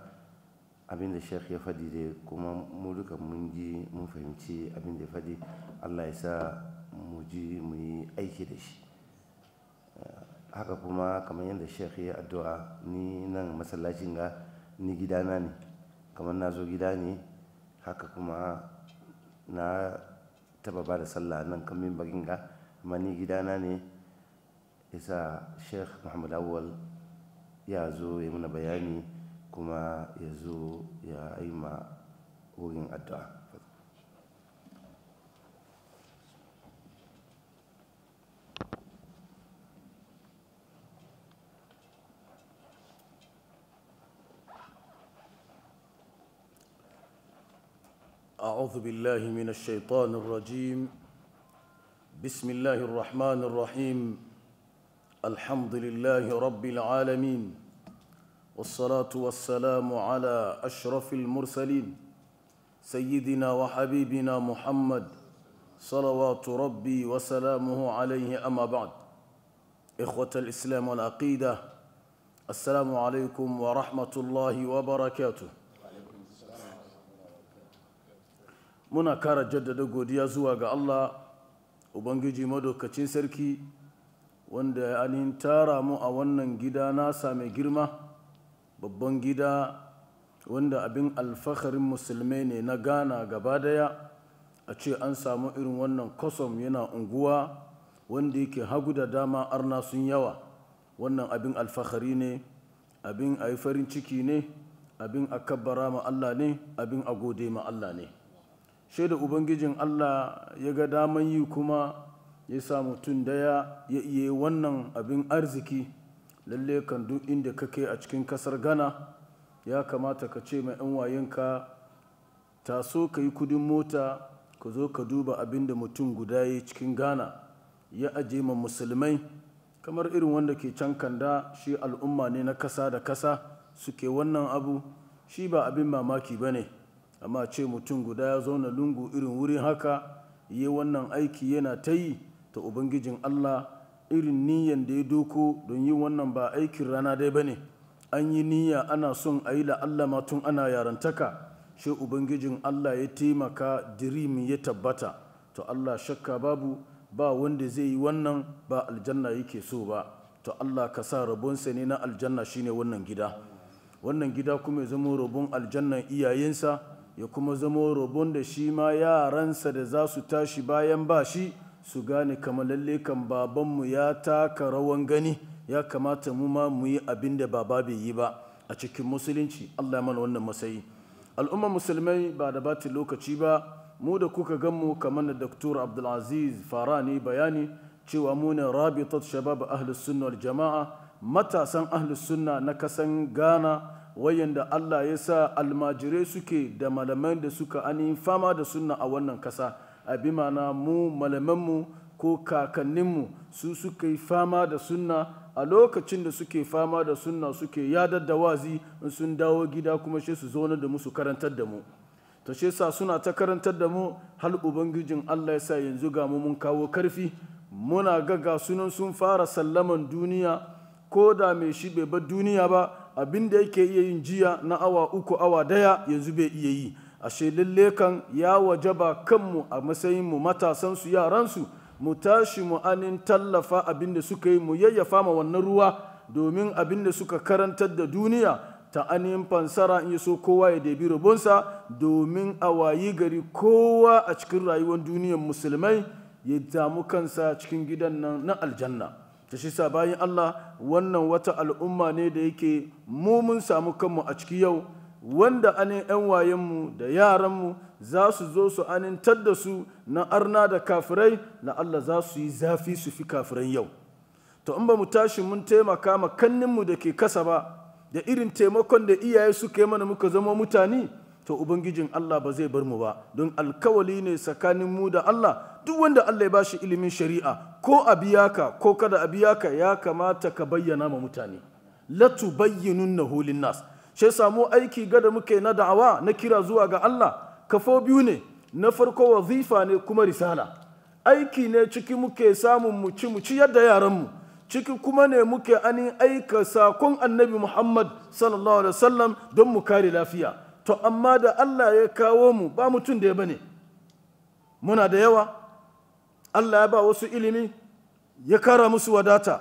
abinda sheikh ya fadi dai kuma mu duka mun ji mun fahimci abinda ya fadi Allah ya sa mu ji mu yi aiki da shi eh, haka kuma kamar yadda sheikh ya addu'a ni nan masallacin ga ni gidana ne kamar na zo gida ne haka kuma na taba ba da sallah nan kan mimbarin ga amma ni gidana ne isa sheikh muhammad awal ya zo ya muna bayani kuma ya zo ya aima wurin addu'a أعوذ بالله من الشيطان الرجيم بسم الله الرحمن الرحيم الحمد لله رب العالمين والصلاة والسلام على أشرف المرسلين سيدنا وحبيبنا محمد صلوات ربي وسلامه عليه أما بعد إخوة الإسلام والعقيدة السلام عليكم ورحمة الله وبركاته muna kara jaddada godiya zuwa ga Allah Ubangiji madaukacin sarki wanda ya anin tara mu a wannan gida nasa mai girma babban gida wanda abin alfaharin musulmai ne na ghana gaba daya a ce an samu irin wannan kwasom yana unguwa wanda yake hagu da dama arna sun yawa wannan abin alfahari ne abin a farin ciki ne abin a kabbara ma Allah ne abin a gode ma Allah ne shaida ubangijin allah ya ga daman yi kuma ya sa mutum daya ya iya wannan abin arziki lalle kan duk inda kake a cikin kasar ghana ya kamata ka ce mai 'yan wayenka taso ka yi kudin mota ka zo ka duba abin da mutum guda ya cikin ghana ya aje ma musulmai kamar irin wanda ke can kanda shi al'umma ne na kasa da kasa suke wannan abu shi ba abin mamaki ba ne amma ce mutum guda ya zauna lungu irin wurin haka yi wannan aiki yana ta yi ta ubangijin allah irin niyan da ya doko don yi wannan ba aikin rana dai ba ne an yi niyya ana son a yi ma tun ana yarantaka shi ubangijin allah ya taimaka dirimi ya tabbata to allah shakka babu ba wanda zai yi wannan ba aljanna yake so ba to allah ka sa rabonsa ne na aljanna shine wannan gida wannan gida kuma ya zama rabon aljannan iyayensa ya kuma zamo robon da shi ma yaransa da za su tashi bayan ba shi su gane kamar lalle kan babanmu ya taka rawan gani ya kamata mu ma mu yi abin da baba bai yi ba a cikin musulunci Allah mana wannan masayi al'ummar musulmai ba da bati lokaci ba mu da kuka gan mu kamar da Dr. Abdulaziz Farani bayani cewa mu ne Rabitat Shabab Ahlus Sunna Jama'a matasan Ahlus Sunna na kasan Ghana wayanda Allah ya sa almajirai suke da malaman da suka ani fama da sunna a wannan kasa a mana mu malamanmu ko kakanninmu su suka yi fama da sunna a lokacin da suke fama da sunna suke yadar da wazi in sun dawo gida kuma shi su zo da musu karantar da mu to shi sa suna ta karantar da mu hal ubangijin Allah ya sa yanzu ga mu mun kawo karfi muna ga ga sunan sun fara sallaman duniya ko da mai shi bai bar duniya ba abin da yake iya yin jiya na awa uku awa daya yanzu bai iya yi ashe lalle kan ya wajaba kanmu a matsayin mu matasan su yaran su mu tashi mu anin tallafa abin da suka yi mu yayyafa ma wannan ruwa domin abin da suka karantar da duniya ta anin fansara in so kowa ya debi rabonsa domin a wayi gari kowa a cikin rayuwar duniyar musulmai ya damu kansa cikin gidan nan na aljanna ta shi sa bayan Allah wannan wata al'umma ne da yake mu mun samu kanmu a ciki yau wanda anin 'yan wayenmu da yaranmu za su zo su anintar da su na arna da kafirai na Allah za su yi zafi su fi kafiran yau to in ba mu tashi mun taimaka ma kanninmu da ke kasa ba da irin taimakon da iyaye suka yi mana muka zama mutane to ubangijin Allah ba zai bar mu ba don alkawali ne tsakanin mu da Allah duk wanda Allah ya bashi ilimin shari'a ko a biya ka ko kada a biya ka ya kamata ka bayyana ma mutane latu bayyinun na holin nas shi samu aiki gada muke na da'awa na kira zuwa ga Allah kafo biyu ne na farko wazifa ne kuma risala aiki ne ciki muke samun mu ci mu ci yadda yaranmu ciki kuma ne muke anin aika sakon annabi Muhammad sallallahu alaihi wasallam don mu kare lafiya to amma da Allah ya kawo mu ba mutum da ya bane muna da yawa Allah ya ba wasu ilimi ya kara musu wadata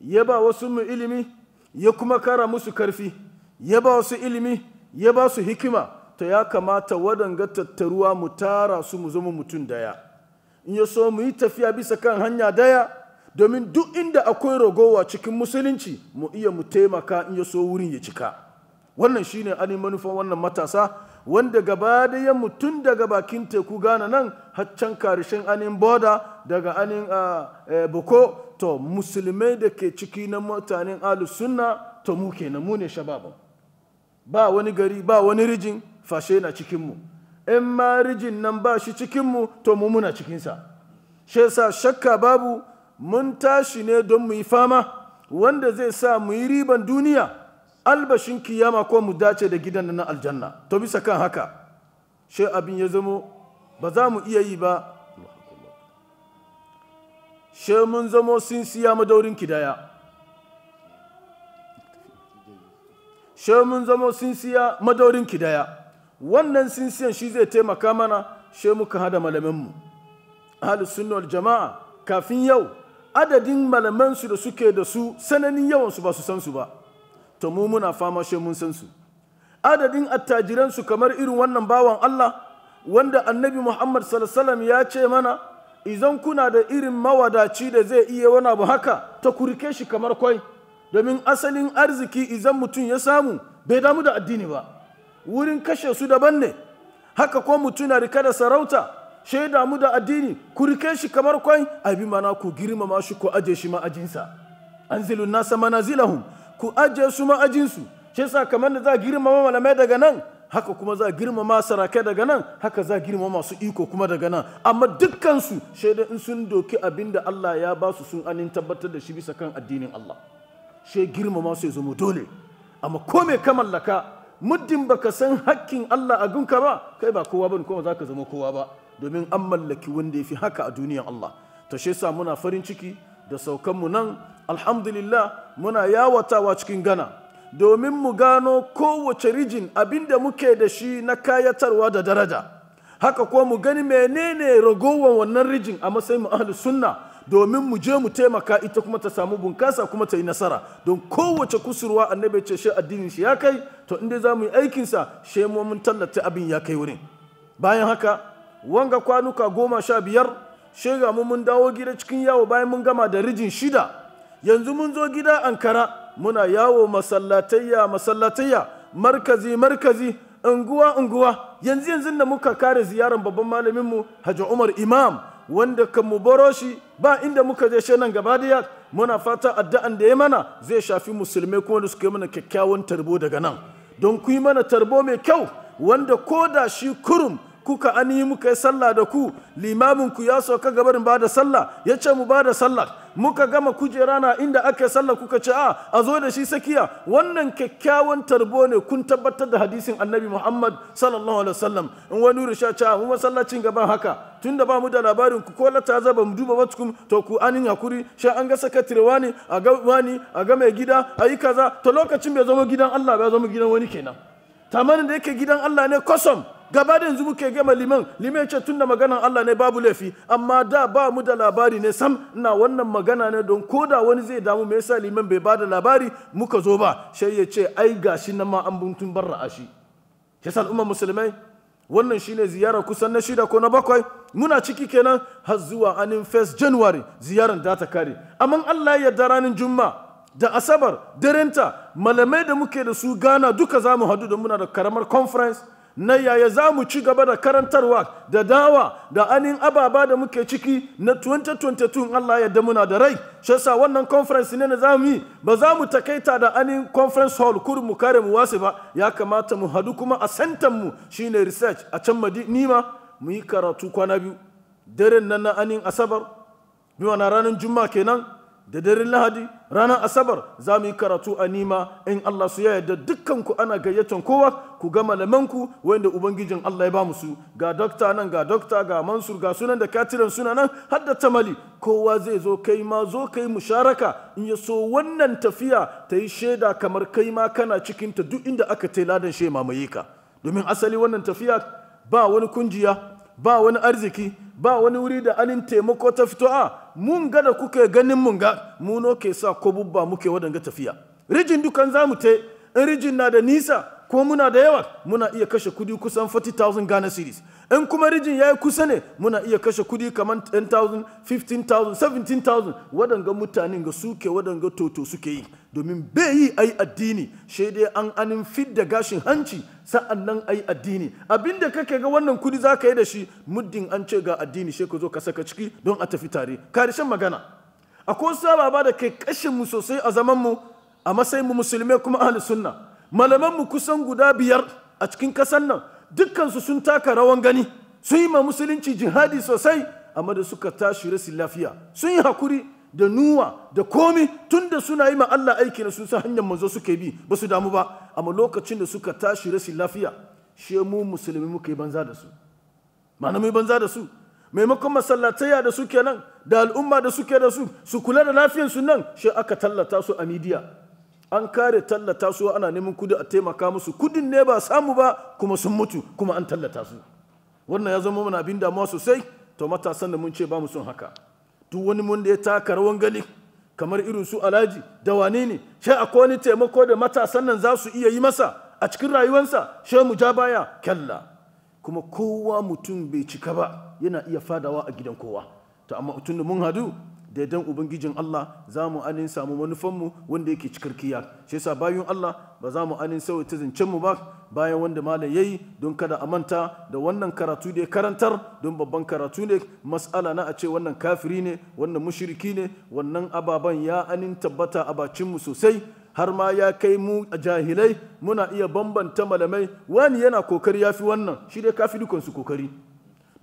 ya ba wasu mu ilimi ya kuma kara musu karfi ya ba wasu ilimi ya ba su hikima ta ya kamata waɗanga tattaruwa mu tara su mu zama mutum daya in ya so mu yi tafiya bisa kan hanya daya domin duk inda akwai ragowa cikin musulunci mu iya mu taimaka in ya so wurin ya cika wannan shine ainihin manufan wannan matasa wanda gaba daya mutum daga bakin teku gana nan haccan karshen anin boda daga anin e, boko to musulmai da ke ciki na mutanen alusunna to mu na mu ne ba wani gari ba wani rijin fashe na cikinmu in ma rijin nan ba shi cikinmu to mu muna cikinsa shi sa shakka babu mun tashi ne don mu yi fama wanda zai sa mu yi riban duniya albashin kiyama ko mu dace da gidan nan aljanna to bisa kan haka shi abin ya zamo ba za mu iya yi ba she mun zamo sun siya madaurin kidaya she mun zamo sun siya madaurin kidaya wannan sinsiyan shi zai taimaka mana she muka hada malamanmu ahli sunna jama'a kafin yau adadin malamansu da suke da su sananin yawansu ba su san su ba to mu muna fama shi mun san su adadin attajiran su kamar irin wannan bawan Allah wanda annabi Muhammad sallallahu ya ce mana idan kuna da irin mawadaci da zai iya wani abu haka ta kurke shi kamar kwai domin asalin arziki idan mutum ya samu bai damu da addini ba wurin kashe su daban ne haka ko mutum na rika da sarauta shaida mu da addini ku rike shi kamar kwai abi mana ku girmama shi ko aje shi ma'ajinsa anzilun nasa manazilahum ku ajiye su ma'ajinsu shi yasa kamar da za a girmama malamai daga nan haka kuma za a girmama sarakai daga nan haka za a girmama masu iko kuma daga nan amma dukkansu shaida in sun doki abin da Allah ya ba su sun anin tabbatar da shi bisa kan addinin Allah shi girmama su ya zama dole amma ko me ka mallaka muddin baka san hakkin Allah a gunka ba kai ba kowa bane kuma zaka zama kowa ba domin an mallaki wanda ya fi haka a duniyar Allah to shi yasa muna farin ciki da saukanmu nan alhamdulillah muna yawatawa cikin gana domin mu gano kowace rijin abinda muke da shi na kayatarwa da daraja haka kuwa mu gani menene ragowar wannan rijin a matsayin mu ahlus sunna domin mu je mu taimaka ita kuma ta samu bunkasa kuma ta yi nasara don kowace kusurwa annabi ce shi addinin shi ya kai to inda za mu yi aikinsa shi mun tallata abin ya kai wurin bayan haka wanga kwanuka goma sha biyar shega mu mun dawo gida cikin yawo bayan mun gama da rijin shida yanzu mun zo gida ankara muna yawo masallatayya masallatayya markazi markazi unguwa unguwa yanzu yanzu da muka kare ziyaran babban malaminmu Haji Umar Imam wanda kan mu baro shi ba inda muka je shi nan gaba da muna fata addu'an da ya mana zai shafi musulmai kuma da suka yi mana kyakkyawan tarbo daga nan don ku yi mana tarbo mai kyau wanda ko da shi kurum kuka an yi muka sallah da ku limamin ku ya sauka gabarin ba da sallah ya ce mu ba da sallah muka gama kujera na inda ake sallah kuka ce a a zo da shi sakiya wannan kyakkyawan tarbo ne kun tabbatar da hadisin annabi muhammad sallallahu alaihi wasallam in wani rusha ce mu masallacin gaban haka Tunda da ba mu da labarin ku ko lata za ba mu duba watukum to ku anin hakuri sha an ga sakatire wani a ga wani a ga mai gida a yi kaza to lokacin bai zama gidan allah bai zama gidan wani kenan tamanin da yake gidan allah ne kosom gaba da yanzu muke gama liman liman ce tunda maganan Allah ne babu laifi amma da ba mu da labari ne sam ina wannan magana ne don ko da wani zai damu me yasa liman bai ba da labari muka zo ba sai ya ce ai gashi nan ma an buntun barra shi shi al'ummar musulmai wannan shine ziyara kusan na shida ko na bakwai muna ciki kenan har zuwa anin first january ziyaran data kare amma Allah ya yarda ranar juma'a da asabar darenta malamai da muke da su gana duka zamu mu hadu da muna da karamar conference na yaya za mu ci gaba da karantarwa da dawa da anin ababa da muke ciki na 2022 Allah ya da muna da rai shi wannan conference ne na za mu yi ba za mu takaita da anin conference hall kur mu kare mu wasu ba ya kamata mu hadu kuma a santan mu shine research a can nima mu yi karatu kwana biyu daren nan na anin asabar biyu na ranar juma'a kenan da daren lahadi ranar asabar za mu yi karatu a nima in Allah su ya yarda dukkanku ana gayyatan kowa ku ga malamanku wanda ubangijin Allah ya ba su ga dokta nan ga dokta ga mansur ga sunan da katiran suna nan har da tamali kowa zai zo kai ma zo kai musharaka in ya so wannan tafiya ta yi shaida kamar kai ma kana cikin ta duk inda aka tai ladan she mamaye ka domin asali wannan tafiya ba wani kunjiya ba wani arziki ba wani wuri da anin taimako ta fito a mun ga da kuke ganin mun ga muno ke sa ko bubba muke wadanga tafiya rijin dukan zamu te in rijin na da nisa ko muna da yawa muna iya kashe kudi kusan 40,000 Ghana series in kuma rijin ya yi kusa ne muna iya kashe kudi kamar 10,000 15,000 17,000 waɗanga mutanen ga suke waɗanga toto suke yi domin bai yi ai addini shai dai an anin fidda gashin hanci sa'an nan ai addini abinda kake ga wannan kudi za ka yi da shi muddin an ce ga addini sai ka zo ka saka ciki don a tafi tare karshen magana akwai saba ba da kai kashe mu sosai a zaman mu a matsayin mu musulmai kuma ahlus sunna malamanmu kusan guda biyar a cikin kasan nan dukkansu sun taka rawan gani sun yi ma musulunci jihadi sosai amma da suka tashi rasin lafiya sun yi hakuri da nuwa da komi tun da suna yi ma Allah aiki na sun san hanyar manzo suke bi ba su damu ba amma lokacin da suka tashi rasin lafiya she mu musulmi muka yi banza da su ma'ana mai banza da su maimakon masallataiya da su kenan da al'umma da suke da su su kula da lafiyar su nan shi aka tallata su a midiya an kare tallata su ana neman kudi a taimaka musu kudin ne ba samu ba kuma sun mutu kuma an tallata su wannan ya zama mana abin damuwa sosai to matasan da mun ce ba mu son haka duk wani wanda ya taka rawan gani kamar irin su alaji da wane ne shi akwai wani taimako da matasan nan za su iya yi masa a cikin rayuwarsa sai mu ja baya kyalla kuma kowa mutum bai cika ba yana iya fadawa a gidan kowa to amma mutum da mun hadu da ubangijin Allah za mu anin samu manufanmu wanda yake cikarkiya shi yasa bayan Allah ba za mu anin sai ta zancen mu ba bayan wanda malam yayi don kada a manta da wannan karatu da karantar don babban karatu ne mas'ala na a ce wannan kafiri ne wannan mushriki ne wannan ababan ya anin tabbata a bacin mu sosai har ma ya kai mu a jahilai muna iya bambanta malamai wani yana kokari ya fi wannan shi dai kafi dukansu kokari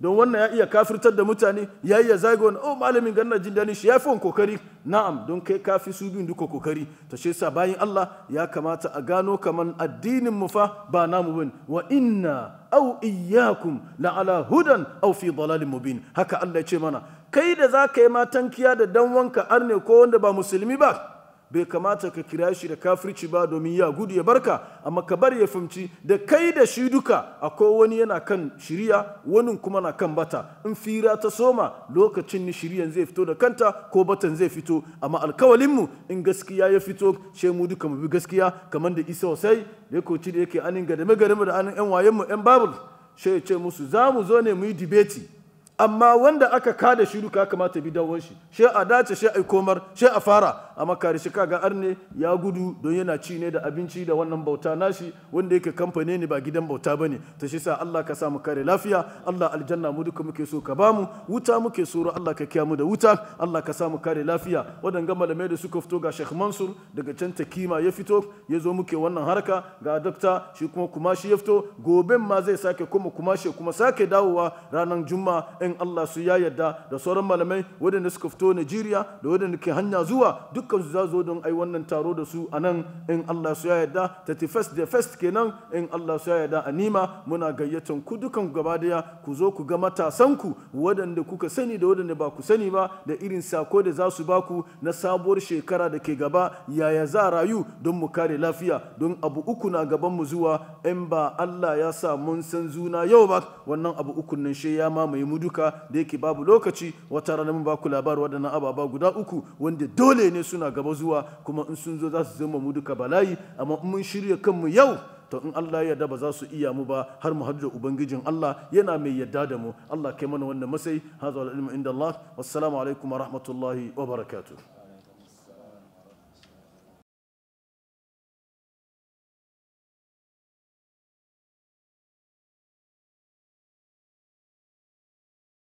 don wannan ya iya kafirtar da mutane ya iya zagi oh malamin ganna jin dani shi ya fi kokari na'am don kai kafi su biyun duka kokari ta shi sa bayan Allah ya kamata a gano kamar addinin mu fa ba namu bin wa inna au iyyakum la ala hudan au fi dalalin mubin haka Allah ya ce mana kai da za ka yi matankiya da dan wanka arne ko wanda ba musulmi ba bai kamata ka kira shi da kafirci ba domin ya gudu ya barka amma ka bar ya fahimci da kai da shi duka akwai wani yana kan shirya wani kuma na kan bata in fira ta soma lokacin ni shiryan zai fito da kanta ko batan zai fito amma alkawalinmu in gaskiya ya fito she mu duka mu bi gaskiya kamar da isa wasai da koci da yake anin gadame gadame da anin yan wayenmu yan babul sai ya ce musu za mu zo ne mu yi dibeti amma wanda aka kada shi duka kamata bi dawon shi sai a dace sai a komar sai a fara a kare shi kaga arne ya gudu don yana ci ne da abinci da wannan bauta nashi wanda yake kamfani ne ba gidan bauta bane to shi sa Allah ka sa mu kare lafiya Allah aljanna mu duka muke so ka bamu wuta muke so Allah ka kiyamu da wuta Allah ka sa mu kare lafiya wadanga malamai da suka fito ga Sheikh Mansur daga can takima ya fito ya zo muke wannan harka ga dokta shi kuma kuma shi ya fito goben ma zai sake kuma shi kuma sake dawowa ranar juma'a in Allah su ya yarda da sauran malamai wadanda suka fito Najeriya da wadanda ke hanya zuwa duk dukkan su za zo don ai wannan taro da su a nan in Allah su ya yarda 31st da first kenan in Allah su ya yarda a nima muna gayyatan ku dukan gaba daya ku zo ku ga matasan ku waɗanda kuka sani da waɗanda ba ku sani ba da irin sako da za su ba ku na sabuwar shekara da ke gaba yaya za rayu don mu kare lafiya don abu uku na gaban mu zuwa in ba Allah ya sa mun san zuna yau ba wannan abu uku nan she ya mamaye mu duka da yake babu lokaci wata ranar mun ba ku labar waɗannan ababa guda uku wanda dole ne su suna gaba zuwa kuma in sun zo za su zama mu duka bala'i amma in mun shirya kanmu yau to in Allah ya yarda ba za su iya mu ba har mu hadu da ubangijin Allah yana mai yarda da mu Allah kai mana wannan masai hadha al-ilmu inda Allah wassalamu alaikum wa rahmatullahi wa barakatuh